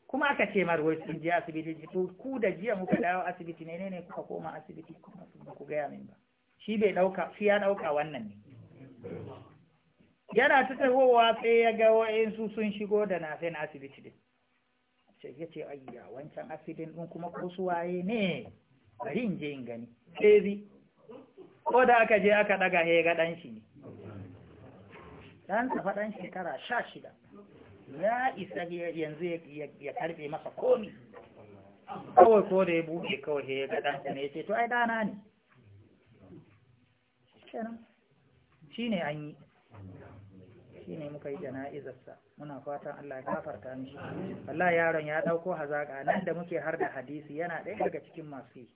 kuma aka ce mar wai sun je asibiti to ku da jiya muka dawo asibiti ne ne kuka koma asibiti kuma ku gaya min ba shi bai dauka shi ya dauka wannan ne yana ta tahowa sai ya ga wa'insu sun shigo da na sai asibiti din sai ya ce ayya wancan asibitin din kuma ko su waye ne bari in je in gani sai ko da aka je aka daga he ga dan shi ne dan sa dan shekara 16 ya isa yanzu ya karfe masa komi kawai ko da ya buɗe kawai ya ga ɗansa ne ya ce to ai dana ne shi ne an yi shi ne muka yi jana'izarsa muna fatan Allah ya kafarta mishi Allah yaron ya ɗauko hazaƙa nan da muke har da hadisi yana ɗaya daga cikin masu yi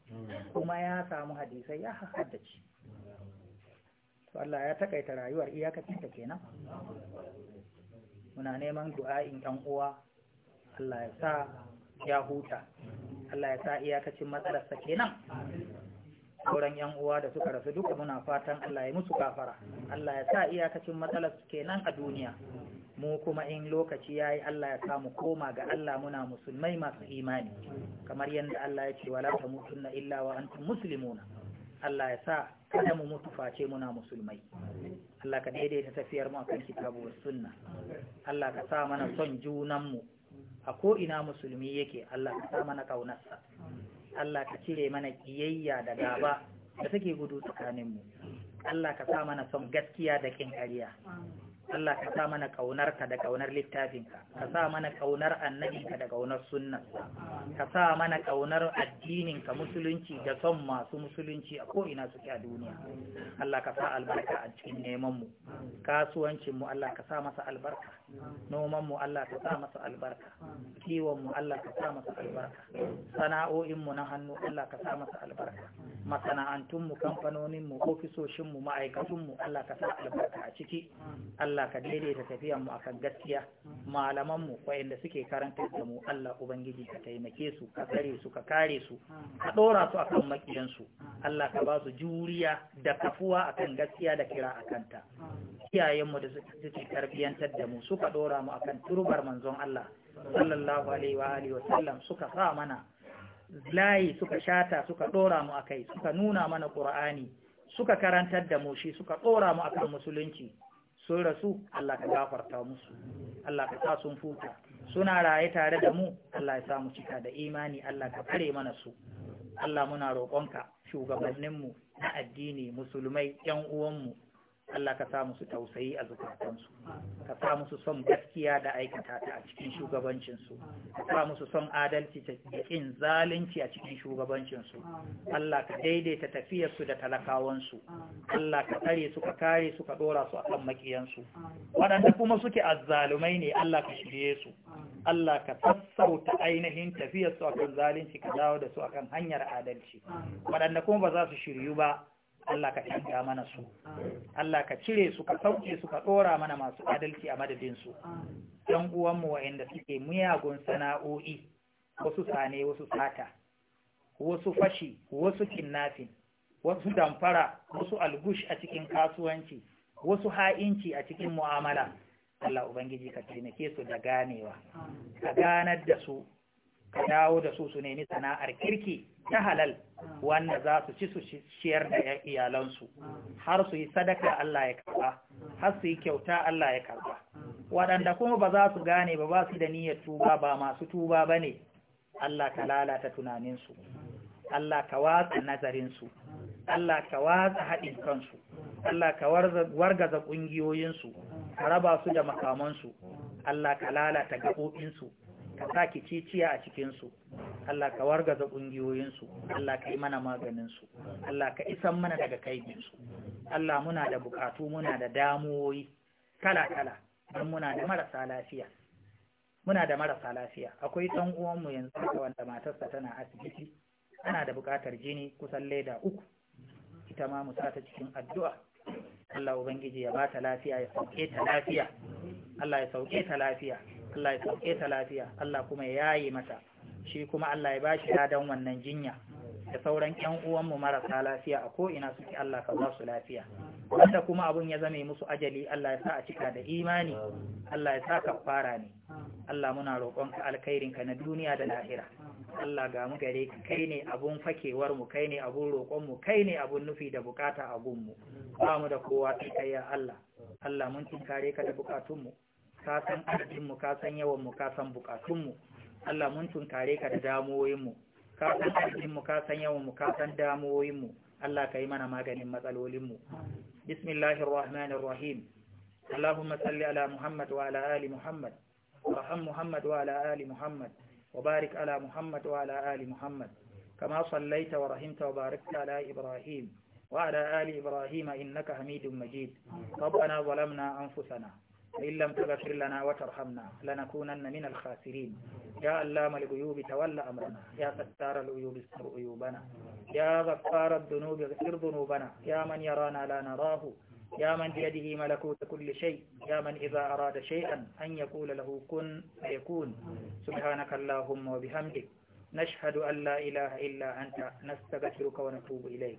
kuma ya samu hadisai ya haddace Allah ya takaita rayuwar iyakacinta kenan muna neman du'a'in yan uwa Allah ya sa ya huta Allah ya sa iyakacin matsalarsa kenan sauran yan uwa da suka rasu duka muna fatan Allah ya musu kafara Allah ya sa iyakacin matsalar su kenan a duniya mu kuma in lokaci yayi Allah ya sa mu koma ga Allah muna musulmai masu imani kamar yadda Allah ya ce wala tamutunna illa wa antum muslimuna Allah ya sa kada mu mutu face muna musulmai Allah ka daidaita tafiyar mu akan kitabu wa sunna Allah ka sa mana son junan mu a ko ina musulmi yake Allah ka sa mana kaunarsa Allah ka cire mana kiyayya da gaba da take gudu tsakanin mu Allah ka sa mana son gaskiya da kin ƙarya Allah ka sa mana ka da ƙaunar littafinka ka sa mana ƙaunar annabinka da ƙaunar sunnarsa ka sa mana ƙaunar addininka musulunci da son masu musulunci a ko'ina suke a duniya Allah ka sa albarka a cikin nemanmu kasuwancinmu Allah ka sa masa albarka nomanmu Allah ka sa masa albarka kiwonmu Allah ka sa masa albarka sana'o'inmu na hannu Allah ka sa masa albarka masana'antunmu kamfanoninmu ofisoshinmu ma'aikatunmu Allah ka sa albarka a ciki Allah Allah ka daidaita tafiyar mu akan gaskiya malaman mu wayanda suke karanta da mu Allah ubangiji ka taimake su ka tsare su ka kare su ka dora su akan makiyan Allah ka ba su juriya da kafuwa akan gaskiya da kira akan ta iyayen mu da suke tarbiyantar da mu suka dora mu akan turbar manzon Allah sallallahu alaihi wa alihi wa sallam suka sa mana layi suka shata suka dora mu akai suka nuna mana qur'ani suka karantar da mu shi suka ɗora mu akan musulunci sun rasu Allah ka gafarta musu Allah ka sa sun futa suna raye tare da mu Allah ya sa mu cika da imani Allah ka kare mana su Allah muna roƙonka shugabanninmu na addini musulmai yan uwanmu Allah ka sa musu tausayi a zukatansu ka sa musu son gaskiya da aikata ta a cikin shugabancinsu ka sa musu son adalci da cikin zalunci a cikin shugabancinsu Allah ka daidaita tafiyarsu da talakawansu Allah ka tsare su ka kare su ka ɗora su a kan makiyansu waɗanda kuma suke azzalumai ne Allah ka shirye su Allah ka sassauta ainihin tafiyarsu a kan zalunci ka dawo da su a kan hanyar adalci waɗanda kuma ba za su shiryu ba Allah ka canza mana su Allah ka cire su ka sauke su ka ɗora mana masu adalci a madadinsu ɗan uwanmu waɗanda suke miyagun sana'o'i wasu sane wasu sata wasu fashi wasu kinnafin wasu damfara wasu algush a cikin kasuwanci wasu ha'inci a cikin mu'amala Allah Ubangiji ka taimake su da ganewa ka ganar da su ka dawo da su su nemi sana'ar kirki ta halal wanda za su ci su shiyar da iyalansu har su yi sadaka Allah ya karba har su yi kyauta Allah ya karba waɗanda kuma ba za su gane ba ba su da niyyar tuba ba masu tuba ba ne Allah ka lalata tunaninsu Allah ka watsa nazarinsu Allah ka watsa haɗin kansu Allah ka wargaza ƙungiyoyinsu ka raba su da makamansu Allah ka lalata gaɓoɓinsu ka sake ciciya a cikinsu Allah ka wargaza ƙungiyoyinsu Allah ka yi mana maganinsu Allah ka isan mana daga kaibinsu Allah muna da bukatu muna da damuwoyi kala-kala don muna da marasa lafiya muna da marasa lafiya akwai ɗan uwanmu yanzu da wanda matarsa tana asibiti ana da bukatar jini kusan leda uku ita ma mu ta cikin addu'a Allah ubangiji ya ba ta lafiya ya sauke ta lafiya Allah ya sauke ta lafiya Allah ya sauke ta lafiya Allah kuma ya yi mata shi kuma Allah ya bashi ladan wannan jinya da sauran ƴan uwanmu marasa lafiya a ko'ina suke Allah ka ba su lafiya wanda kuma abun ya zame musu ajali Allah ya sa a cika da imani Allah ya sa ka fara ne Allah muna roƙon ka alkhairin ka na duniya da lahira Allah ga mu gare ka kai ne abun fakewar mu kai ne abun roƙon mu kai ne abun nufi da bukata a gun mu ba mu da kowa kai ya Allah Allah mun tinkare ka da bukatun mu ka san arzikinmu ka san yawanmu ka san bukatunmu Allah mun tunkare ka da damuwoyinmu ka san arzikinmu ka san yawanmu ka san damuwoyinmu Allah ka yi mana maganin matsalolinmu bismillahir rahmanir rahim اللهم صل على محمد wa آل محمد وارحم محمد وعلى آل محمد وبارك على وعلى آل إبراهيم إنك حميد مجيد ربنا ظلمنا أنفسنا فإن لم تغفر لنا وترحمنا لنكونن من الخاسرين يا اللام الغيوب تولى أمرنا يا ستار العيوب استر عيوبنا يا غفار الذنوب اغفر ذنوبنا يا من يرانا لا نراه يا من بيده ملكوت كل شيء يا من إذا أراد شيئا أن يقول له كن فيكون سبحانك اللهم وبحمدك نشهد أن لا إله إلا أنت نستغفرك ونتوب إليك